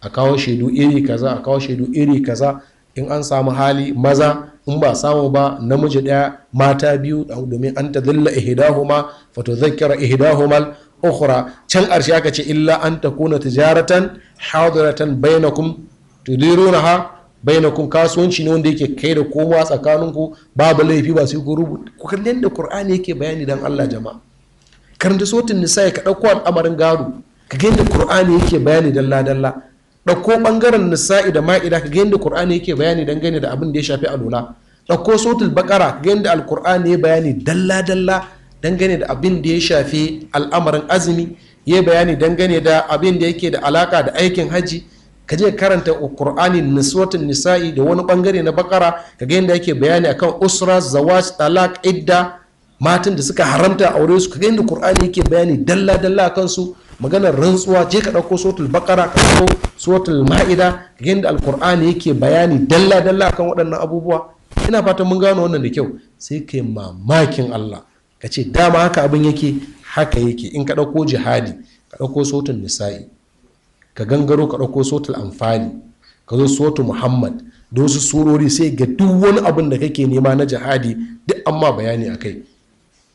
a kawo shaidu iri kaza a kawo shaidu iri kaza in an samu hali maza in ba samu ba namiji ɗaya mata biyu domin an ta dilla ihdahuma fa tudhakkara ihdahumal ukhra can ƙarshe aka ce illa an takuna tijaratan hadiratan bainakum tudirunaha bainakum kasuwanci ne wanda yake kai da komowa tsakaninku babu laifi ba sai ku rubuta ku kalli yadda qur'ani yake bayani dan Allah jama'a karanta sotin nisa ka dauko al'amarin gado ka ga yadda qur'ani yake bayani dalla dalla dauko bangaren nisa'i da ma'ida ka ga yadda qur'ani yake bayani dan gane da abin da ya shafi alula Ɗauko sotul baqara ka ga yadda alqur'ani ya bayani dalla dalla dangane da abin da ya shafi al'amarin azumi ya bayani dangane da abin da yake da alaka da aikin haji ka je karanta qur'ani niswatun nisa'i da wani bangare na bakara ka ga yadda yake bayani akan usra zawaj talak idda matan da suka haramta aure su ka ga yadda qur'ani yake bayani dalla dalla akan su maganar rantsuwa je ka ɗauko suratul bakara ka ɗauko suratul ma'ida ka yadda alqur'ani yake bayani dalla dalla akan waɗannan abubuwa ina fatan mun gano wannan da kyau sai kai mamakin Allah ka ce dama haka abin yake haka yake in ka ɗauko jihadi ka ɗauko sautin nisa'i ka gangaro ka ɗauko sautin amfani ka zo sautu muhammad da wasu surori sai ga duk wani abin da kake nema na jihadi duk an bayani a kai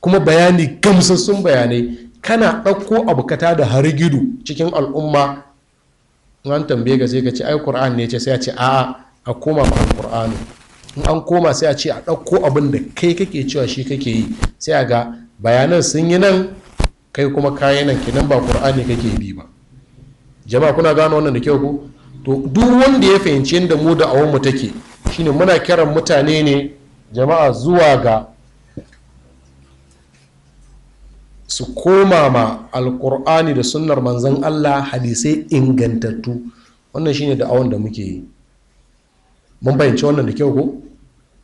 kuma bayani gamsassun bayanai kana ɗauko abu ka da gidu cikin al'umma in an tambaye ga sai ka ce ai qur'an ne ce sai a ce a'a a koma ma al in an koma sai a ce a ɗauko abin da kai kake cewa shi kake yi sai a ga bayanan sun yi nan kai kuma kayan nan kenan ba ƙur'ani kake bi ba jama'a kuna gano wannan da kyau ko to duk wanda ya fahimci yadda mu da awon mu take shine muna kiran mutane ne jama'a zuwa ga su koma ma alkur'ani da sunnar manzon allah hadisai ingantattu wannan shine da awon da muke yi mun bayyance wannan da kyau ko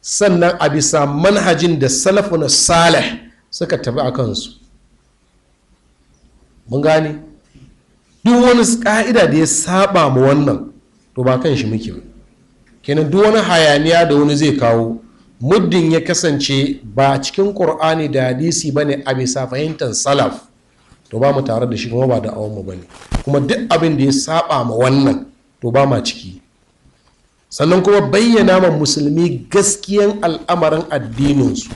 sannan a bisa manhajin da salafun salih suka tafi a kansu mun gane duk wani ƙa'ida da ya saba ma wannan to ba kan shi muke kenan duk wani hayaniya da wani zai kawo muddin ya kasance ba cikin ƙur'ani da hadisi ba ne a bisa fahimtar salaf to ba mu tare da shi kuma ba da awon mu ba ne kuma duk abin da ya saba ma wannan to ba ma ciki sannan kuma bayyana ma musulmi gaskiyan al'amarin addininsu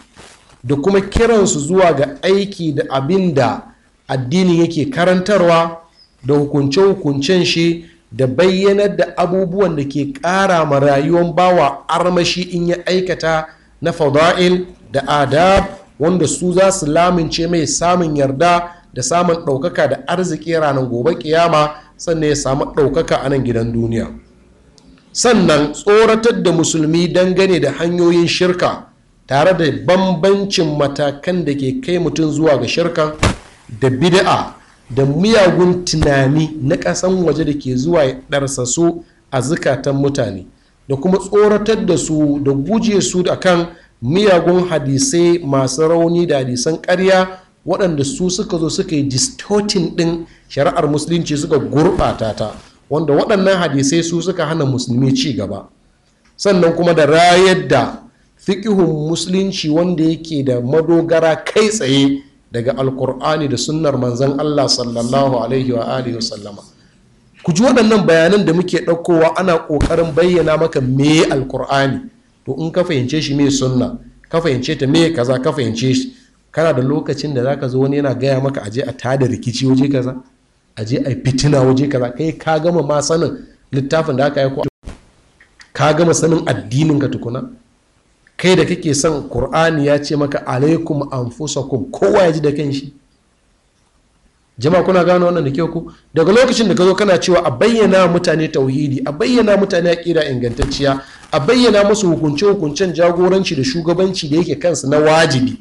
da kuma kiransu zuwa ga aiki da abin da addinin yake karantarwa da hukunce-hukuncen shi da bayyanar da abubuwan da ke ƙara ma rayuwar bawa armashi in ya aikata na fada'il da adab wanda su za su lamince mai samun yarda da samun ɗaukaka da arziki ranar gobe kiyama sannan ya samu ɗaukaka a nan gidan duniya. sannan tsoratar da musulmi dangane da hanyoyin shirka tare da bambancin matakan da ke kai mutum zuwa ga shirka da bid'a da miyagun tunani na ƙasan waje da ke zuwa ya ɗarsa su a zukatan mutane da kuma tsoratar da su da guje su da kan miyagun hadisai masu rauni da hadisan ƙarya waɗanda su suka zo suka yi distortin ɗin shari'ar musulunci suka gurɓata ta wanda waɗannan hadisai su suka hana musulmi ci gaba sannan kuma da rayar da fiƙihun musulunci wanda yake da madogara kai tsaye daga alkur'ani da sunnar manzan allah sallallahu alaihi wa alihi sallama ku ji waɗannan bayanan da muke ɗaukowa ana ƙoƙarin bayyana maka me alkur'ani to in ka fahimce shi me sunna ka fahimce ta me kaza ka fahimce shi kana da lokacin da zaka zo wani yana gaya maka aje a tada rikici waje kaza a je a fitina waje kaza kai ka gama ma sanin littafin da aka aiko ka gama sanin addinin ka tukuna kai da kake son qur'ani ya ce maka alaikum anfusakum kowa ya ji da kanshi jama'a kuna gano wannan da kyau ku daga lokacin da ka zo kana cewa a bayyana mutane tauhidi a bayyana mutane a kira ingantacciya a bayyana musu hukunce hukuncen jagoranci da shugabanci da yake kansu na wajibi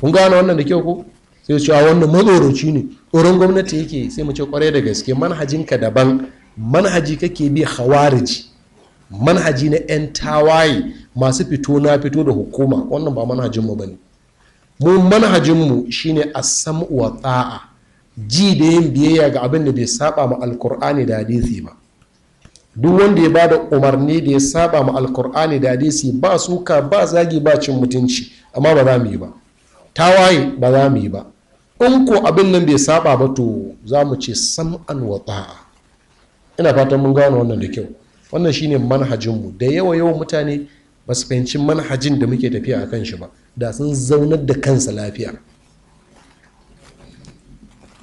kun gano wannan da kyau ku sai cewa wannan matsoroci ne tsoron gwamnati yake sai mu ce kwarai da gaske manhajinka daban manhaji kake bi hawariji manhaji na 'yan tawaye masu fito na fito da hukuma wannan ba manhajinmu ba ne mu manhajinmu shine sam wa tsa'a ji da yin biyayya ga abin da bai saba ma alkur'ani da hadisi ba duk wanda ya bada umarni da ya saba ma alkur'ani da hadisi ba suka ba zagi ba cin mutunci amma ba za mu yi ba tawaye ba za mu yi ba in ko abin nan bai saba ba to za mu ce sam'an wa ta'a ina fatan mun gano wannan da kyau wannan shine manhajinmu da yawa yawan mutane ba su fahimci manhajin da muke tafiya akan shi ba da sun zaunar da kansa lafiya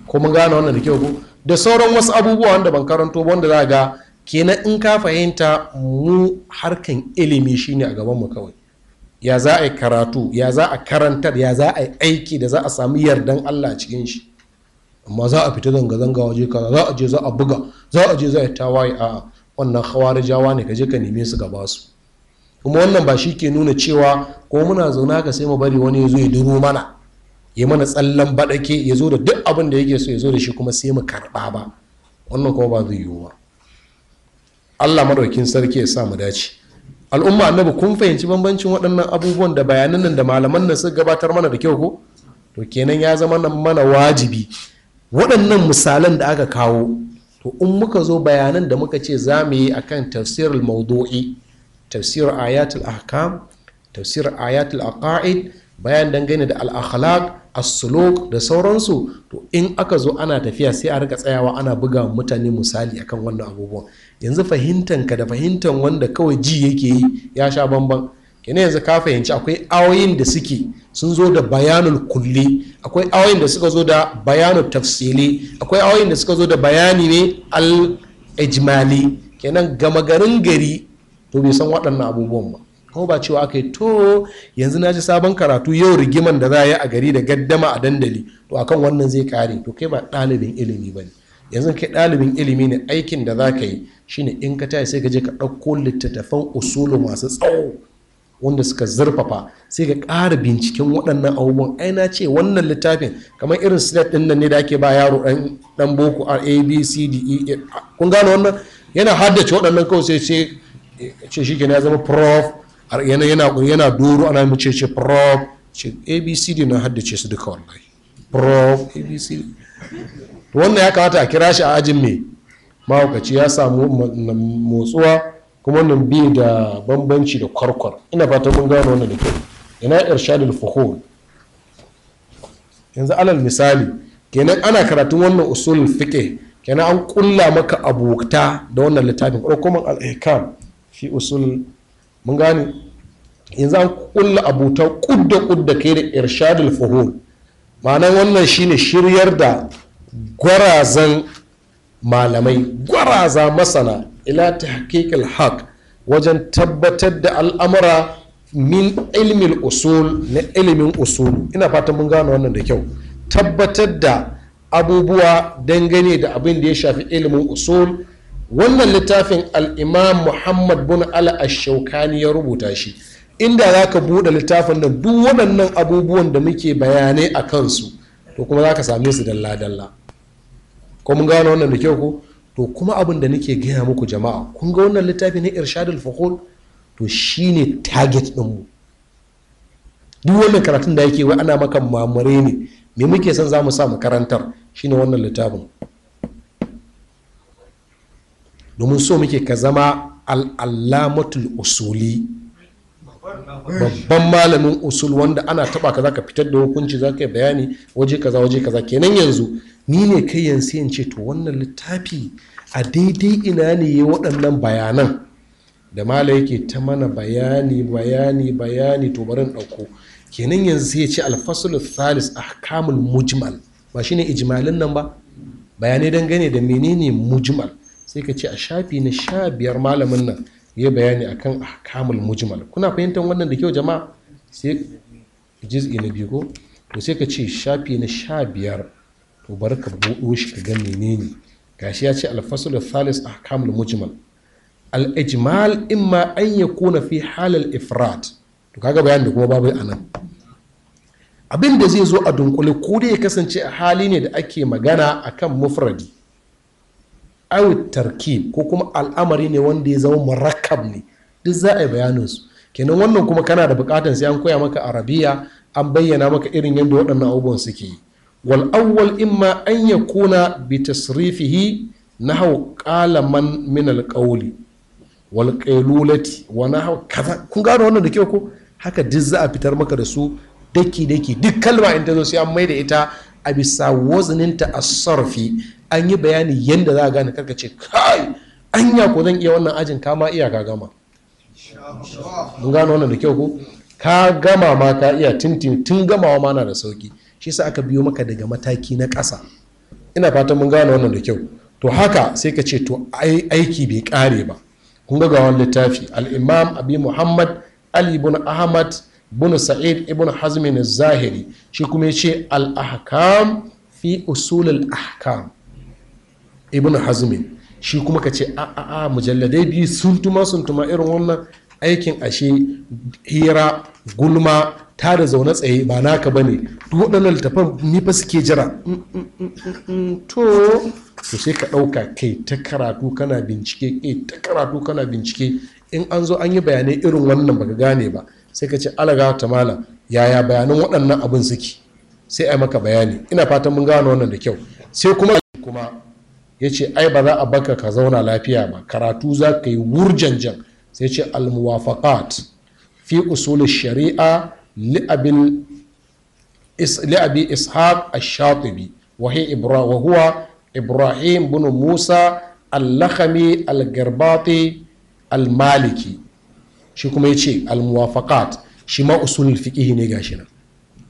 ko mun gano wannan da kyau ko da sauran wasu abubuwa wanda ban karanto ba wanda za ga kenan in ka fahimta mu harkan ilimi shine a gaban mu kawai ya za a yi karatu ya za a karantar ya za a yi aiki da za a samu yardan Allah a cikin shi amma za a fita zanga-zanga waje kaza za a je za a buga za a je za a tawaye a wannan jawa ne ka je ka neme su gaba su kuma wannan ba shi ke nuna cewa ko muna zauna ka sai mu bari wani ya zo ya duro mana ya mana tsallan baɗake ya zo da duk abin da yake so ya zo da shi kuma sai mu karɓa ba wannan kuma ba zai yiwu ba Allah madaukin sarki ya sa mu dace al'umma annabi kun fahimci bambancin waɗannan abubuwan da bayanan nan da malaman nan suka gabatar mana da kyau ko to kenan ya zama mana wajibi waɗannan misalan da aka kawo to in muka zo bayanan da muka ce za mu yi akan tafsirul maudu'i tafsir ayatul ahkam tafsir ayatul aqaid bayan dangane da al-akhlaq as-suluk da sauransu to in aka zo ana tafiya sai a rika tsayawa ana buga mutane misali akan wannan abubuwan yanzu fahimtanka da fahimtan wanda kawai ji yake yi ya sha bamban kene yanzu ka fahimci akwai awayin da suke sun zo da bayanul kulli akwai awayin da suka zo da bayanul tafsili akwai awayin da suka zo da bayani ne al ijmali kenan gama garin gari to bai san waɗannan abubuwan ba ko ba cewa aka yi to yanzu na ji sabon karatu yau rigiman da za a yi a gari da gaddama a dandali to akan wannan zai kare to kai ba ɗalibin ilimi ba ne yanzu kai ɗalibin ilimi ne aikin da za ka yi shine in ka tayi sai ka je ka ɗauko littattafan usulu masu tsawo wanda suka zurfafa sai ka ƙara binciken waɗannan abubuwan ai na ce wannan littafin kamar irin slate ɗin nan ne da ake ba yaro ɗan boko a a b c d e kun gane wannan yana haddace waɗannan kawai sai ce ce shi na zama prof yana yana doro ana mace ce prof ce a b c d na haddace su duka wallahi prof a b c d wannan ya kamata a kira shi a ajin mai mahaukaci ya samu motsuwa kuma nan bi da bambanci da kwarkwar ina fata mun gano wannan da kyau ina irshadul fuhul yanzu alal misali kenan ana karatun wannan usulul fiqh kenan an kulla maka abokta da wannan littafin ko kuma al-ihkam fi usul mun gane yanzu an kulla abuta kudda kudda kai da irshadul fuhul ma'anar wannan shine shiryar da gwarazan malamai gwaraza masana ila ta tahqiqil haq wajen tabbatar da al'amura min ilmin usul na ilimin usul ina fatan mun gano wannan da kyau tabbatar da abubuwa dangane da abin da ya shafi ilimin usul wannan littafin al'imam muhammad bin ala ashaukani ya rubuta shi inda za ka buɗe littafin nan duk waɗannan abubuwan da muke bayanai a kansu to kuma za ka same su dalla-dalla ko mun gano wannan da kyau ko to kuma abin da nake gaya muku jama'a kun ga wannan littafi na irshadul fuqul to shine target din mu duk wannan karatun da yake wai ana maka mamare ne me muke son za mu sa makarantar shine wannan littafin domin so muke ka zama al-allamatul usuli babban malamin usul wanda ana taba ka zaka fitar da hukunci zaka yi bayani waje kaza waje kaza kenan yanzu ni ne kai yanzu in ce to wannan littafi a daidai ina ne ya waɗannan bayanan da mala yake ta mana bayani bayani bayani to barin ɗauko kenan yanzu sai ya ce alfasul thalis ahkamul mujmal ba shine ijmalin nan ba bayanai dangane da menene mujmal sai ka ce a shafi na sha biyar malamin nan ya bayani akan ahkamul mujmal kuna fahimtar wannan da kyau jama'a sai juz'i na biyu ko to sai ka ce shafi na sha biyar to bari ka buɗo shi ka ga menene gashi ya ce alfasul thalis ahkamul mujmal al ijmal imma an yakuna fi halal ifrat to kaga bayani da kuma babu nan abin da zai zo a dunkule ko dai ya kasance a hali ne da ake magana akan mufradi awit tarkib ko kuma al'amari ne wanda ya zama murakkab ne duk za a yi bayanin su kenan wannan kuma kana da bukatan sai an koya maka arabiya an bayyana maka irin yadda waɗannan abubuwan suke yi wal awwal imma an yakuna bi tasrifihi nahau qala man min al qawli wal qailulati wa kaza kun gano wannan da kyau ko haka duk za a fitar maka da su daki daki duk kalma in ta zo sai an maida ita a bisa wazaninta a sarfi an yi bayani yadda za a gane karka ce kai anya ko zan iya wannan ajin kama iya ka gama mun gano wannan da kyau ko ka gama ma ka iya tintin tun gamawa ma na da sauki shi sa aka biyo maka daga mataki na ƙasa ina fatan mun gano wannan da kyau to haka sai ka ce to aiki bai ƙare ba kun ga gawan littafi al-imam abi muhammad ali ibn ahmad ibn sa'id ibn hazmin zahiri shi kuma ya ce al-ahkam fi usul al-ahkam ibn hazmin shi kuma ka ce a a a mujalladai biyu sun tuma sun tuma irin wannan aikin ashe hira gulma ta da zaune tsaye ba naka ba ne duk waɗannan littafan ni fa suke jira mm, mm, mm, to to sai ka ɗauka kai ta karatu kana bincike kai ta karatu kana bincike in an zo an yi bayanai irin wannan baka gane ba sai ka ce alaga ta malam yaya bayanan waɗannan abin suke sai a maka bayani ina fatan mun gane wannan da kyau sai kuma kuma ya ce ai ba za a baka ka zauna lafiya ba karatu za ka yi wurjanjan sai ce almuwafaqat fi usul shari'a li'abi ishaq ash-shatibi wa huwa ibrahim bin musa al-lakhami al-garbati al-maliki shi kuma ya ce almuwafaqat shi ma usulin fiqh ne gashi nan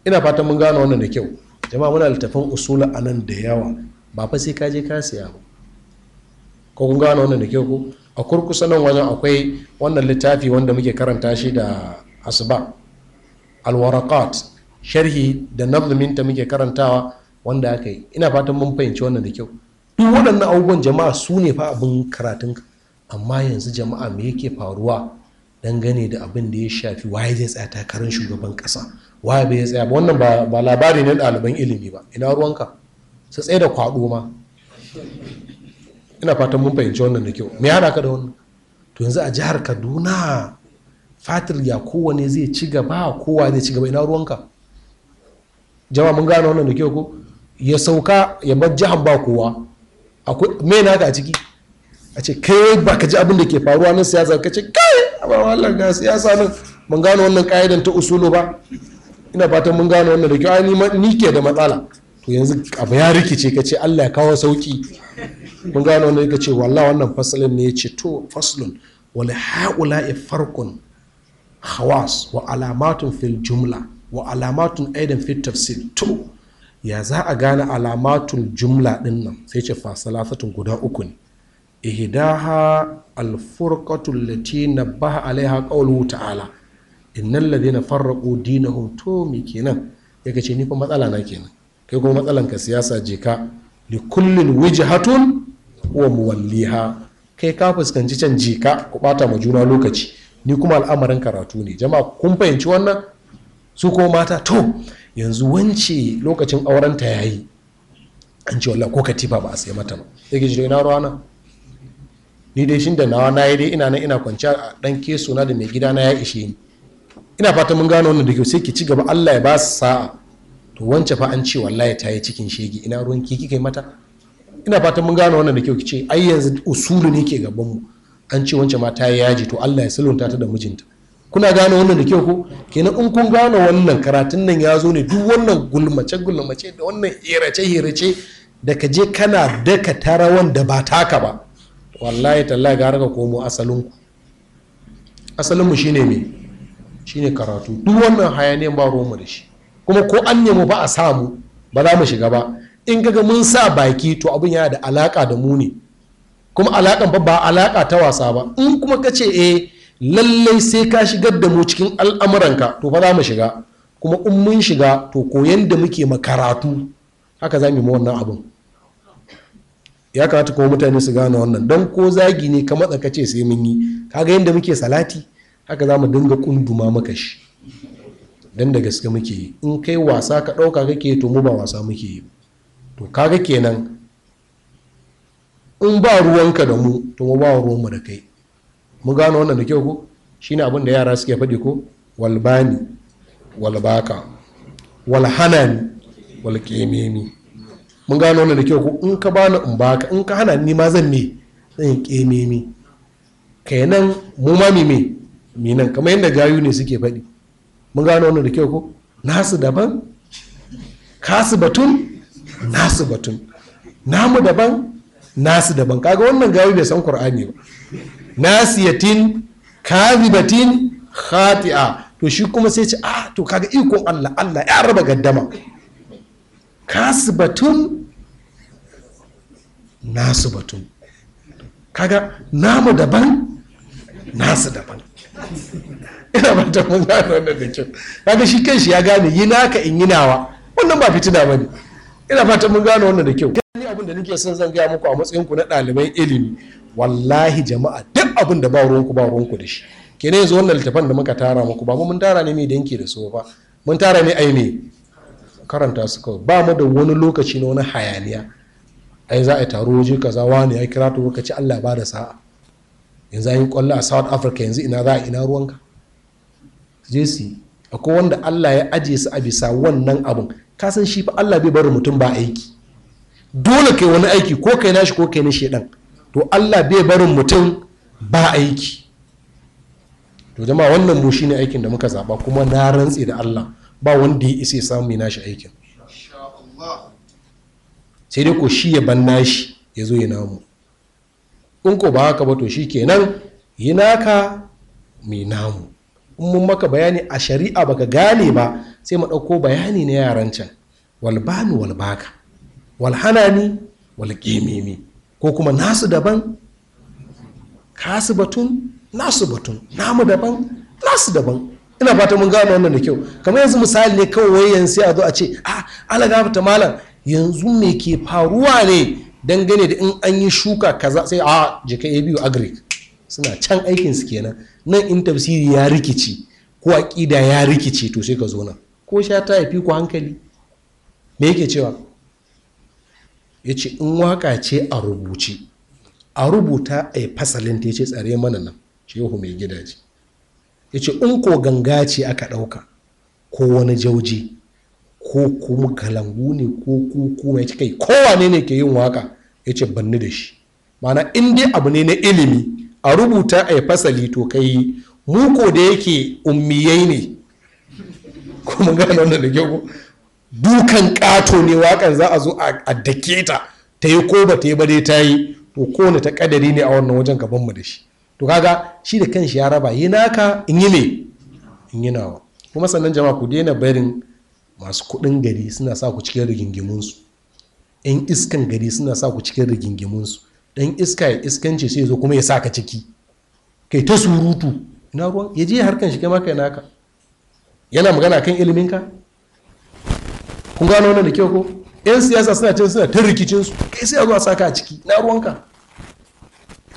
ina fatan mun gano wannan da kyau jama'a muna littafin usula anan da yawa ba fa sai ka je ka siya ba ko kun gano wannan da ke ku a kurkusa nan wajen akwai wannan littafi wanda muke karanta shi da asuba alwarakat sharhi da nazminta muke karantawa wanda aka yi ina fatan mun fahimci wannan da kyau duk waɗannan abubuwan jama'a su ne fa abin karatun amma yanzu jama'a me yake faruwa dangane da abin da ya shafi waye zai tsaya takarar shugaban kasa waye bai tsaya ba wannan ba labari ne ɗaliban ilimi ba ina ruwanka su tsaye da kwaɗo ma ina fatan mun fahimci wannan da kyau me ya ka da wannan to yanzu a jihar kaduna fatir ya kowane zai ci gaba kowa zai ci gaba ina ruwanka jama mun gane wannan da kyau ko ya sauka ya bar jihar ba kowa akwai me na a ciki a ce kai ba ka ji abin da ke faruwa nan siyasa ka ce kai ba wallahi ga siyasa nan mun gane wannan ka'idan ta usulu ba ina fatan mun gane wannan da kyau ai ni ke da matsala to yanzu abu ya rikice ka ce Allah ya kawo sauki mun gano ne ga ce walla wannan fasalin ne ya ce to faslun haƙula ya farkon khawas wa alamatun fil jumla wa alamatun aidan fitar tafsir to ya za a gane alamatun jumla din nan sai ce fasalafatun guda uku ne ihdaha alfurqatu allati nabbaha alaiha qawluhu ta'ala innal ladina farraqu dinahum to me kenan yake ce ni fa matsala na kenan kai kuma matsalan ka siyasa je ka li kullin wijhatun wa muwalliha kai ka fuskanci can jika ku bata ma juna lokaci ni kuma al'amarin karatu ne jama'a kun fahimci wannan su ko mata to yanzu wance lokacin aurenta ya yi an ce wallahi ko katifa ba a sai mata ba sai ke ina ruwana ni dai shin da nawa na yi dai ina nan ina kwanciya a dan keso na da mai gida na ya ishe ni ina fata mun gano wannan da kyau sai ki ci gaba Allah ya ba sa'a to wance fa an ce wallahi ta yi cikin shege ina ruwan ki kika mata ina fatan mun gane wannan da kyau kice ai yanzu usulu ne ke gaban mu an ce wancan ma ta yaji to Allah ya sulunta ta da mijinta kuna gane wannan da kyau ko kenan in kun gane wannan karatun nan ya zo ne duk wannan gulmace gulmace da wannan hirace hirace da ka je kana daka tarawan da ba taka ba wallahi tallahi gara raka komo asalin ku asalin mu shine me shine karatu duk wannan hayaniyan ba ruwan mu da shi kuma ko an nemi ba a samu ba za mu shiga ba in kaga mun sa baki to abin yana da alaka da mu ne kuma alakan ba ba alaka ta wasa ba in kuma ka ce eh lallai sai ka shigar da mu cikin al'amuranka to fa za mu shiga kuma in mun shiga to koyan da muke makaratu haka za mu yi wannan abin ya kamata kuma mutane su gane wannan don ko zagi ne ka matsa ka ce sai mun yi kaga yadda muke salati haka za mu dinga kunduma maka shi don da gaske muke yi in kai wasa ka ɗauka kake to mu ba wasa muke yi to kaga kenan in ba ruwanka da mu to ba ruwanmu da kai mu gano wannan da kyau ko shine abin da yara suke faɗi ko walbani walbaka walhanani walƙememi mun gano wannan da kyau ko in ka bani in baka in ka hana ni ma zan me zan yi ƙememi kenan mu ma mi me mi nan kamar yadda gayu ne suke faɗi mun gano wannan da kyau ko nasu daban kasu batun nasu batun namu daban nasu daban kaga wannan gawi bai san qur'ani ba nasu nasiyatin kazibatin khati'a to shi kuma sai ce ah to kaga ikon Allah Allah ya raba gaddama kasu batun nasu batun kaga namu daban nasu daban ina ba ta mun gano wannan da kyau kaga shi kanshi ya gane yi naka in yi nawa wannan ba fitina bane ina fata mun gane wannan da kyau ni abin da nake son zan gaya muku a matsayin ku na ɗaliban ilimi wallahi jama'a duk abin da ba ruwanku ba ruwanku da shi kenan yanzu wannan littafan da muka tara muku ba mun tara ne mai danki da so ba mun tara ne ai me karanta su kawai ba mu da wani lokaci na wani hayaniya ai za a taro waje kaza wani ya kira ta lokaci Allah ba da sa'a yanzu an yi kwallo a South Africa yanzu ina za a ina ruwanka je su akwai wanda Allah ya ajiye su a bisa wannan abin ka san shi fa Allah bai bar mutum ba aiki dole kai wani aiki ko kai nashi ko kai na shedan to Allah bai barin mutum ba aiki to jama'a wannan mu shine aikin da muka zaba kuma na rantse da Allah ba wanda ya isa ya samu mai nashi aikin sai dai ko shi ya ban nashi ya zo ya namu in ko ba haka ba to shi kenan yi naka mai namu in mun maka bayani a shari'a baka gane ba sai mu ɗauko bayani na yaran can walbani walbaka walhanani walƙemimi ko kuma nasu daban kasu batun nasu batun namu daban nasu daban ina fata mun gane wannan da kyau kamar yanzu misali ne kawai yanzu sai a zo a ce a ah, ala gafata malam yanzu me ke faruwa ne dangane da in an yi shuka kaza sai ah, a jika a biyu agric suna can aikin su kenan nan in tafsiri ya rikici ko aƙida ya rikici to sai ka zo nan ko sha ta haifi ku hankali me yake cewa ya ce in waka ce a rubuce a rubuta a yi fasalin ta ce tsare mana nan shehu mai gidaje ya ce in ko ganga ce aka ɗauka ko wani jauje ko kuma galangu ne ko kuku mai cika yi kowane ne ke yin waka ya ce banni da shi mana in dai abu ne na ilimi a rubuta a fasali to kai yi, da yake ummiyai ne kuma gano da da ku? dukan kato ne wakan za a zo a dake ta ta yi ko ba ta yi ba dai ta yi to kone ta kadari ne a wannan wajen gabanmu da shi to kaga shi da kanshi ya raba yi naka in yi me in yi nawa kuma sannan jama'a ku daina barin masu kuɗin gari suna sa ku cikin rigingimunsu 'yan iskan gari suna sa ku cikin rigingimunsu dan iska ya iskanci sai zo kuma ya saka ciki kai ta surutu na ruwan ya je harkan shi kai ma kai naka yana magana kan ilimin ka kun gano wannan da kyau ko yan siyasa suna cin suna ta rikicin su kai sai a zo a saka a ciki na ruwanka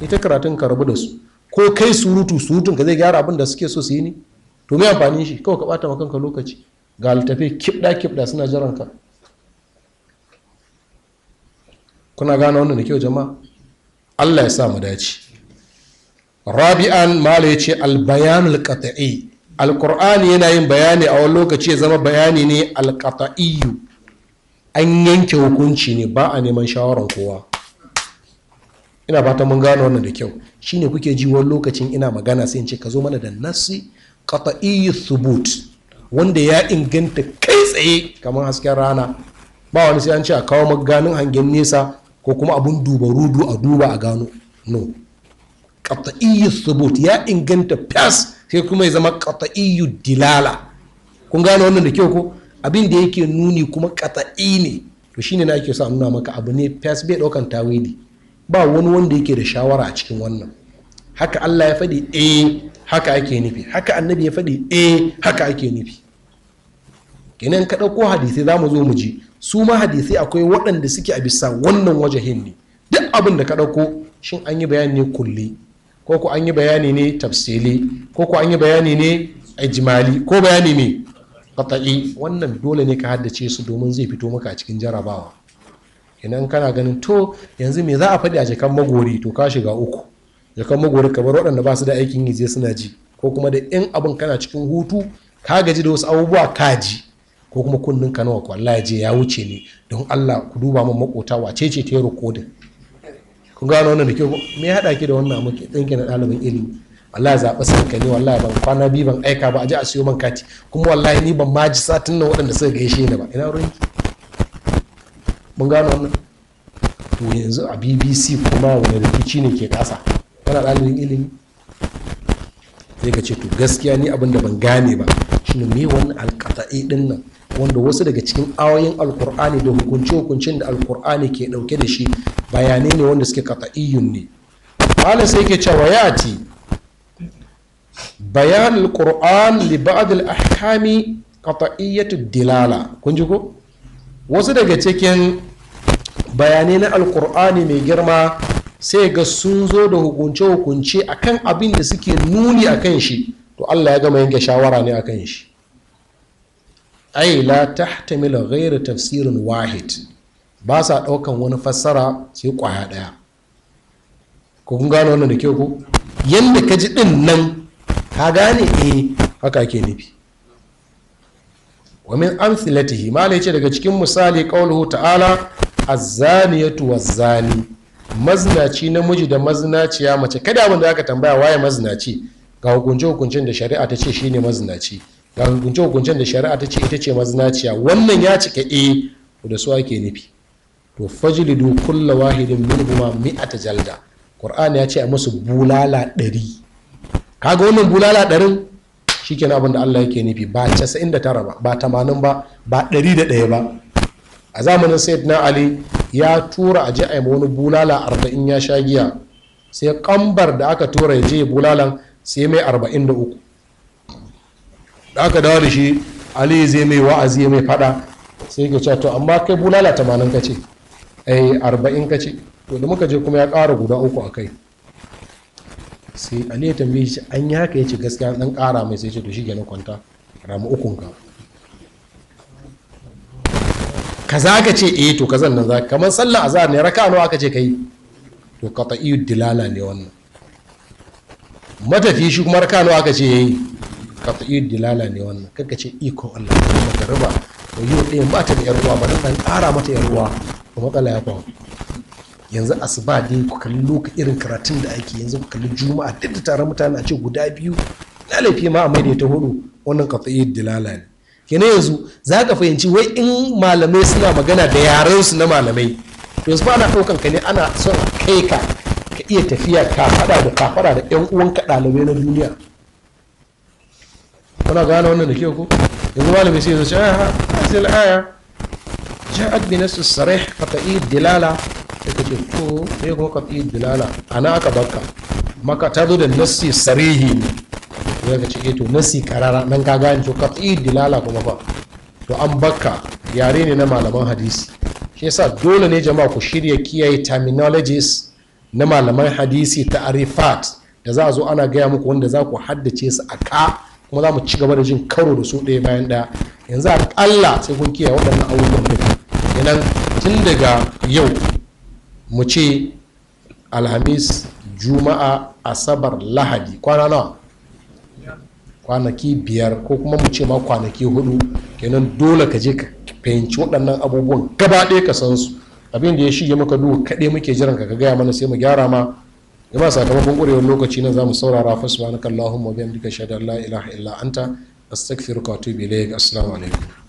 ita karatun ka rabu da su ko kai surutu surutun ka zai gyara abin da suke so su yi ne to me amfanin shi kawai ka bata kanka lokaci ga littafai kibda kibda suna jiran ka kuna gane wannan da kyau jama'a allah ya sa mu dace rabi'an mala ya ce albayanul qata'i alqur'ani yana yin bayani a wani lokaci ya zama bayani ne alqata'iyu an yanke hukunci ne ba a neman shawarar kowa ina fata mun gano wannan da kyau Shi ne kuke ji wani lokacin ina magana sai in ce ka zo mana da nasi qata'iyu thubut wanda ya inganta kai tsaye kamar hasken rana ba wani sai an ce a kawo maganin hangen nesa ko kuma abun duba rudu a duba a gano no qat'iyyu thubut ya inganta fas sai kuma ya zama qat'iyyu dilala kun gano wannan da kyau ko abin da yake nuni kuma qat'i ne to shine na ake sa nuna maka abu ne fas bai daukan tawili ba wani wanda yake da shawara a cikin wannan haka Allah ya faɗi eh haka ake nufi haka annabi ya faɗi eh haka ake nufi kenan ka ko hadisai za mu zo mu ji su ma hadisai akwai waɗanda suke a bisa wannan wajahin ne duk abin da ka ɗauko shin an yi bayani ne kulli ko ko an yi bayani ne tafsili ko ko an yi bayani ne ijmali ko bayani ne qat'i wannan dole ne ka haddace su domin zai fito maka a cikin jarabawa idan kana ganin to yanzu me za a faɗi a jakan magori to ka shiga uku jakan magori kamar waɗanda ba su da aikin yi suna ji ko kuma da in abin kana cikin hutu ka gaji da wasu abubuwa ka ji ko kuma kunnin ka nawa wallahi je ya wuce ni don Allah ku duba min makota wace ce ta rikodin kun gano wannan da ke me ya hada ki da wannan muke tsinki na dalibin ilimi wallahi zaɓi sanka ne wallahi ban kwana biyu ban aika ba a ji a siyo man kati kuma wallahi ni ban ma ji satin nan waɗanda suka gaishe ni ba ina ki? mun gano wannan to yanzu a bbc kuma wani rikici ne ke kasa kana dalibin ilimi sai ka ce to gaskiya ni abin da ban gane ba shine me wani alƙata'i ɗin nan wanda wasu daga cikin awayin alkur'ani da hukunce-hukuncen da alkur'ani ke ɗauke da shi bayanai ne wanda suke iyun ne malam sai ke cewa ya ce bayan alkur'an li ba'd ahkami ahkami iyatu dilala kun ji ko wasu daga cikin bayanai na alkur'ani mai girma sai ga sun zo da hukunce-hukunce akan abin da suke nuni akan shi to Allah ya gama yanke shawara ne akan shi ai la tahtamilu ghairu tafsirin wahid ba sa ɗaukan wani fassara sai kwaya ɗaya ko kun gano wannan da kyau ko yadda ka ji ɗin nan ka gane e, haka ke nufi wa min amsilatihi ce daga cikin misali qauluhu ta'ala az-zaniyatu tuwa zani mazinaci namiji da mazinaciya mace kada abin da aka tambaya waye mazinaci ga hukunce hukuncen da shari'a ta ce shine mazinaci ga hukunce hukuncen da shari'a ta ce ita ce mazinaciya wannan ya cika e da su ake nufi to fajlidu kulla wahidin minhuma mi'ata jalda qur'ani ya ce a musu bulala ɗari kaga wannan bulala ɗarin shikenan abin da Allah yake nufi ba 99 ba ba 80 ba ba ɗaya ba a zamanin na ali ya tura a je a wani bulala 40 ya sha giya sai kambar da aka tura ya je bulalan sai mai arba'in 43 da aka dawo da shi ali zai mai wa'azi mai fada sai ke to amma kai bulala tamanin ka ce ai eh, arba'in ka ce to da muka je kuma ya ƙara guda uku a kai sai ali ya tambaye shi an yi haka ya ce gaskiya dan ƙara mai sai ce to shi ke na kwanta rama ukun ka kaza ka ce eh to kazan nan za kamar sallah azhar ne raka nawa aka ce kai to qata'i dilala ne wannan matafi shi kuma raka nawa aka ce yayi iya dilala ne wannan kakace iko Allah ya ka riba to yau ɗayan ba ta da yar ba dan ƙara mata yar uwa ba matsala ya faru yanzu asuba dai ku kalli loka irin karatun da ake yanzu ku kalli juma'a duk da taron mutane a ce guda biyu na ma a maida ta hudu wannan iya dilala ne kenan yanzu za ka fahimci wai in malamai suna magana da yaran su na malamai to yanzu ba na ɗaukan ka ne ana son kai ka ka iya tafiya ka fada da ka fada da 'yan uwanka ɗalibai na duniya kuna gane wannan da ke ku yanzu malami sai ya zace ah hazil aya ja'at bi nasu sarih qat'i dilala sai ka ce ko sai kuma qat'i dilala ana aka baka maka ta zo da nasi sarihi ne sai ka ce eh to nasi karara nan ka gane to qat'i dilala kuma fa to an baka yare ne na malaman hadisi shi yasa dole ne jama'a ku shirya kiyaye terminologies na malaman hadisi ta arifat da za a zo ana gaya muku wanda za ku haddace su a ka kuma za mu ci gaba da jin karo da su ɗaya bayan ɗaya yanzu a ƙalla sai kun kiyaye waɗannan abubuwan duka kenan tun daga yau mu ce alhamis juma'a asabar lahadi kwana nawa kwanaki biyar ko kuma mu ce ma kwanaki hudu kenan dole ka je ka fahimci waɗannan abubuwan gaba ɗaya ka san su abin da ya shige maka duhu kaɗai muke jiran ka gaya mana sai mu gyara ma gaba sakamakon ƙurewar lokaci na za mu saurara fa subhanakallahumma wa bihamdika shada la ilaha illa anta astaghfiruka wa atubu ilayk asalamu alaikum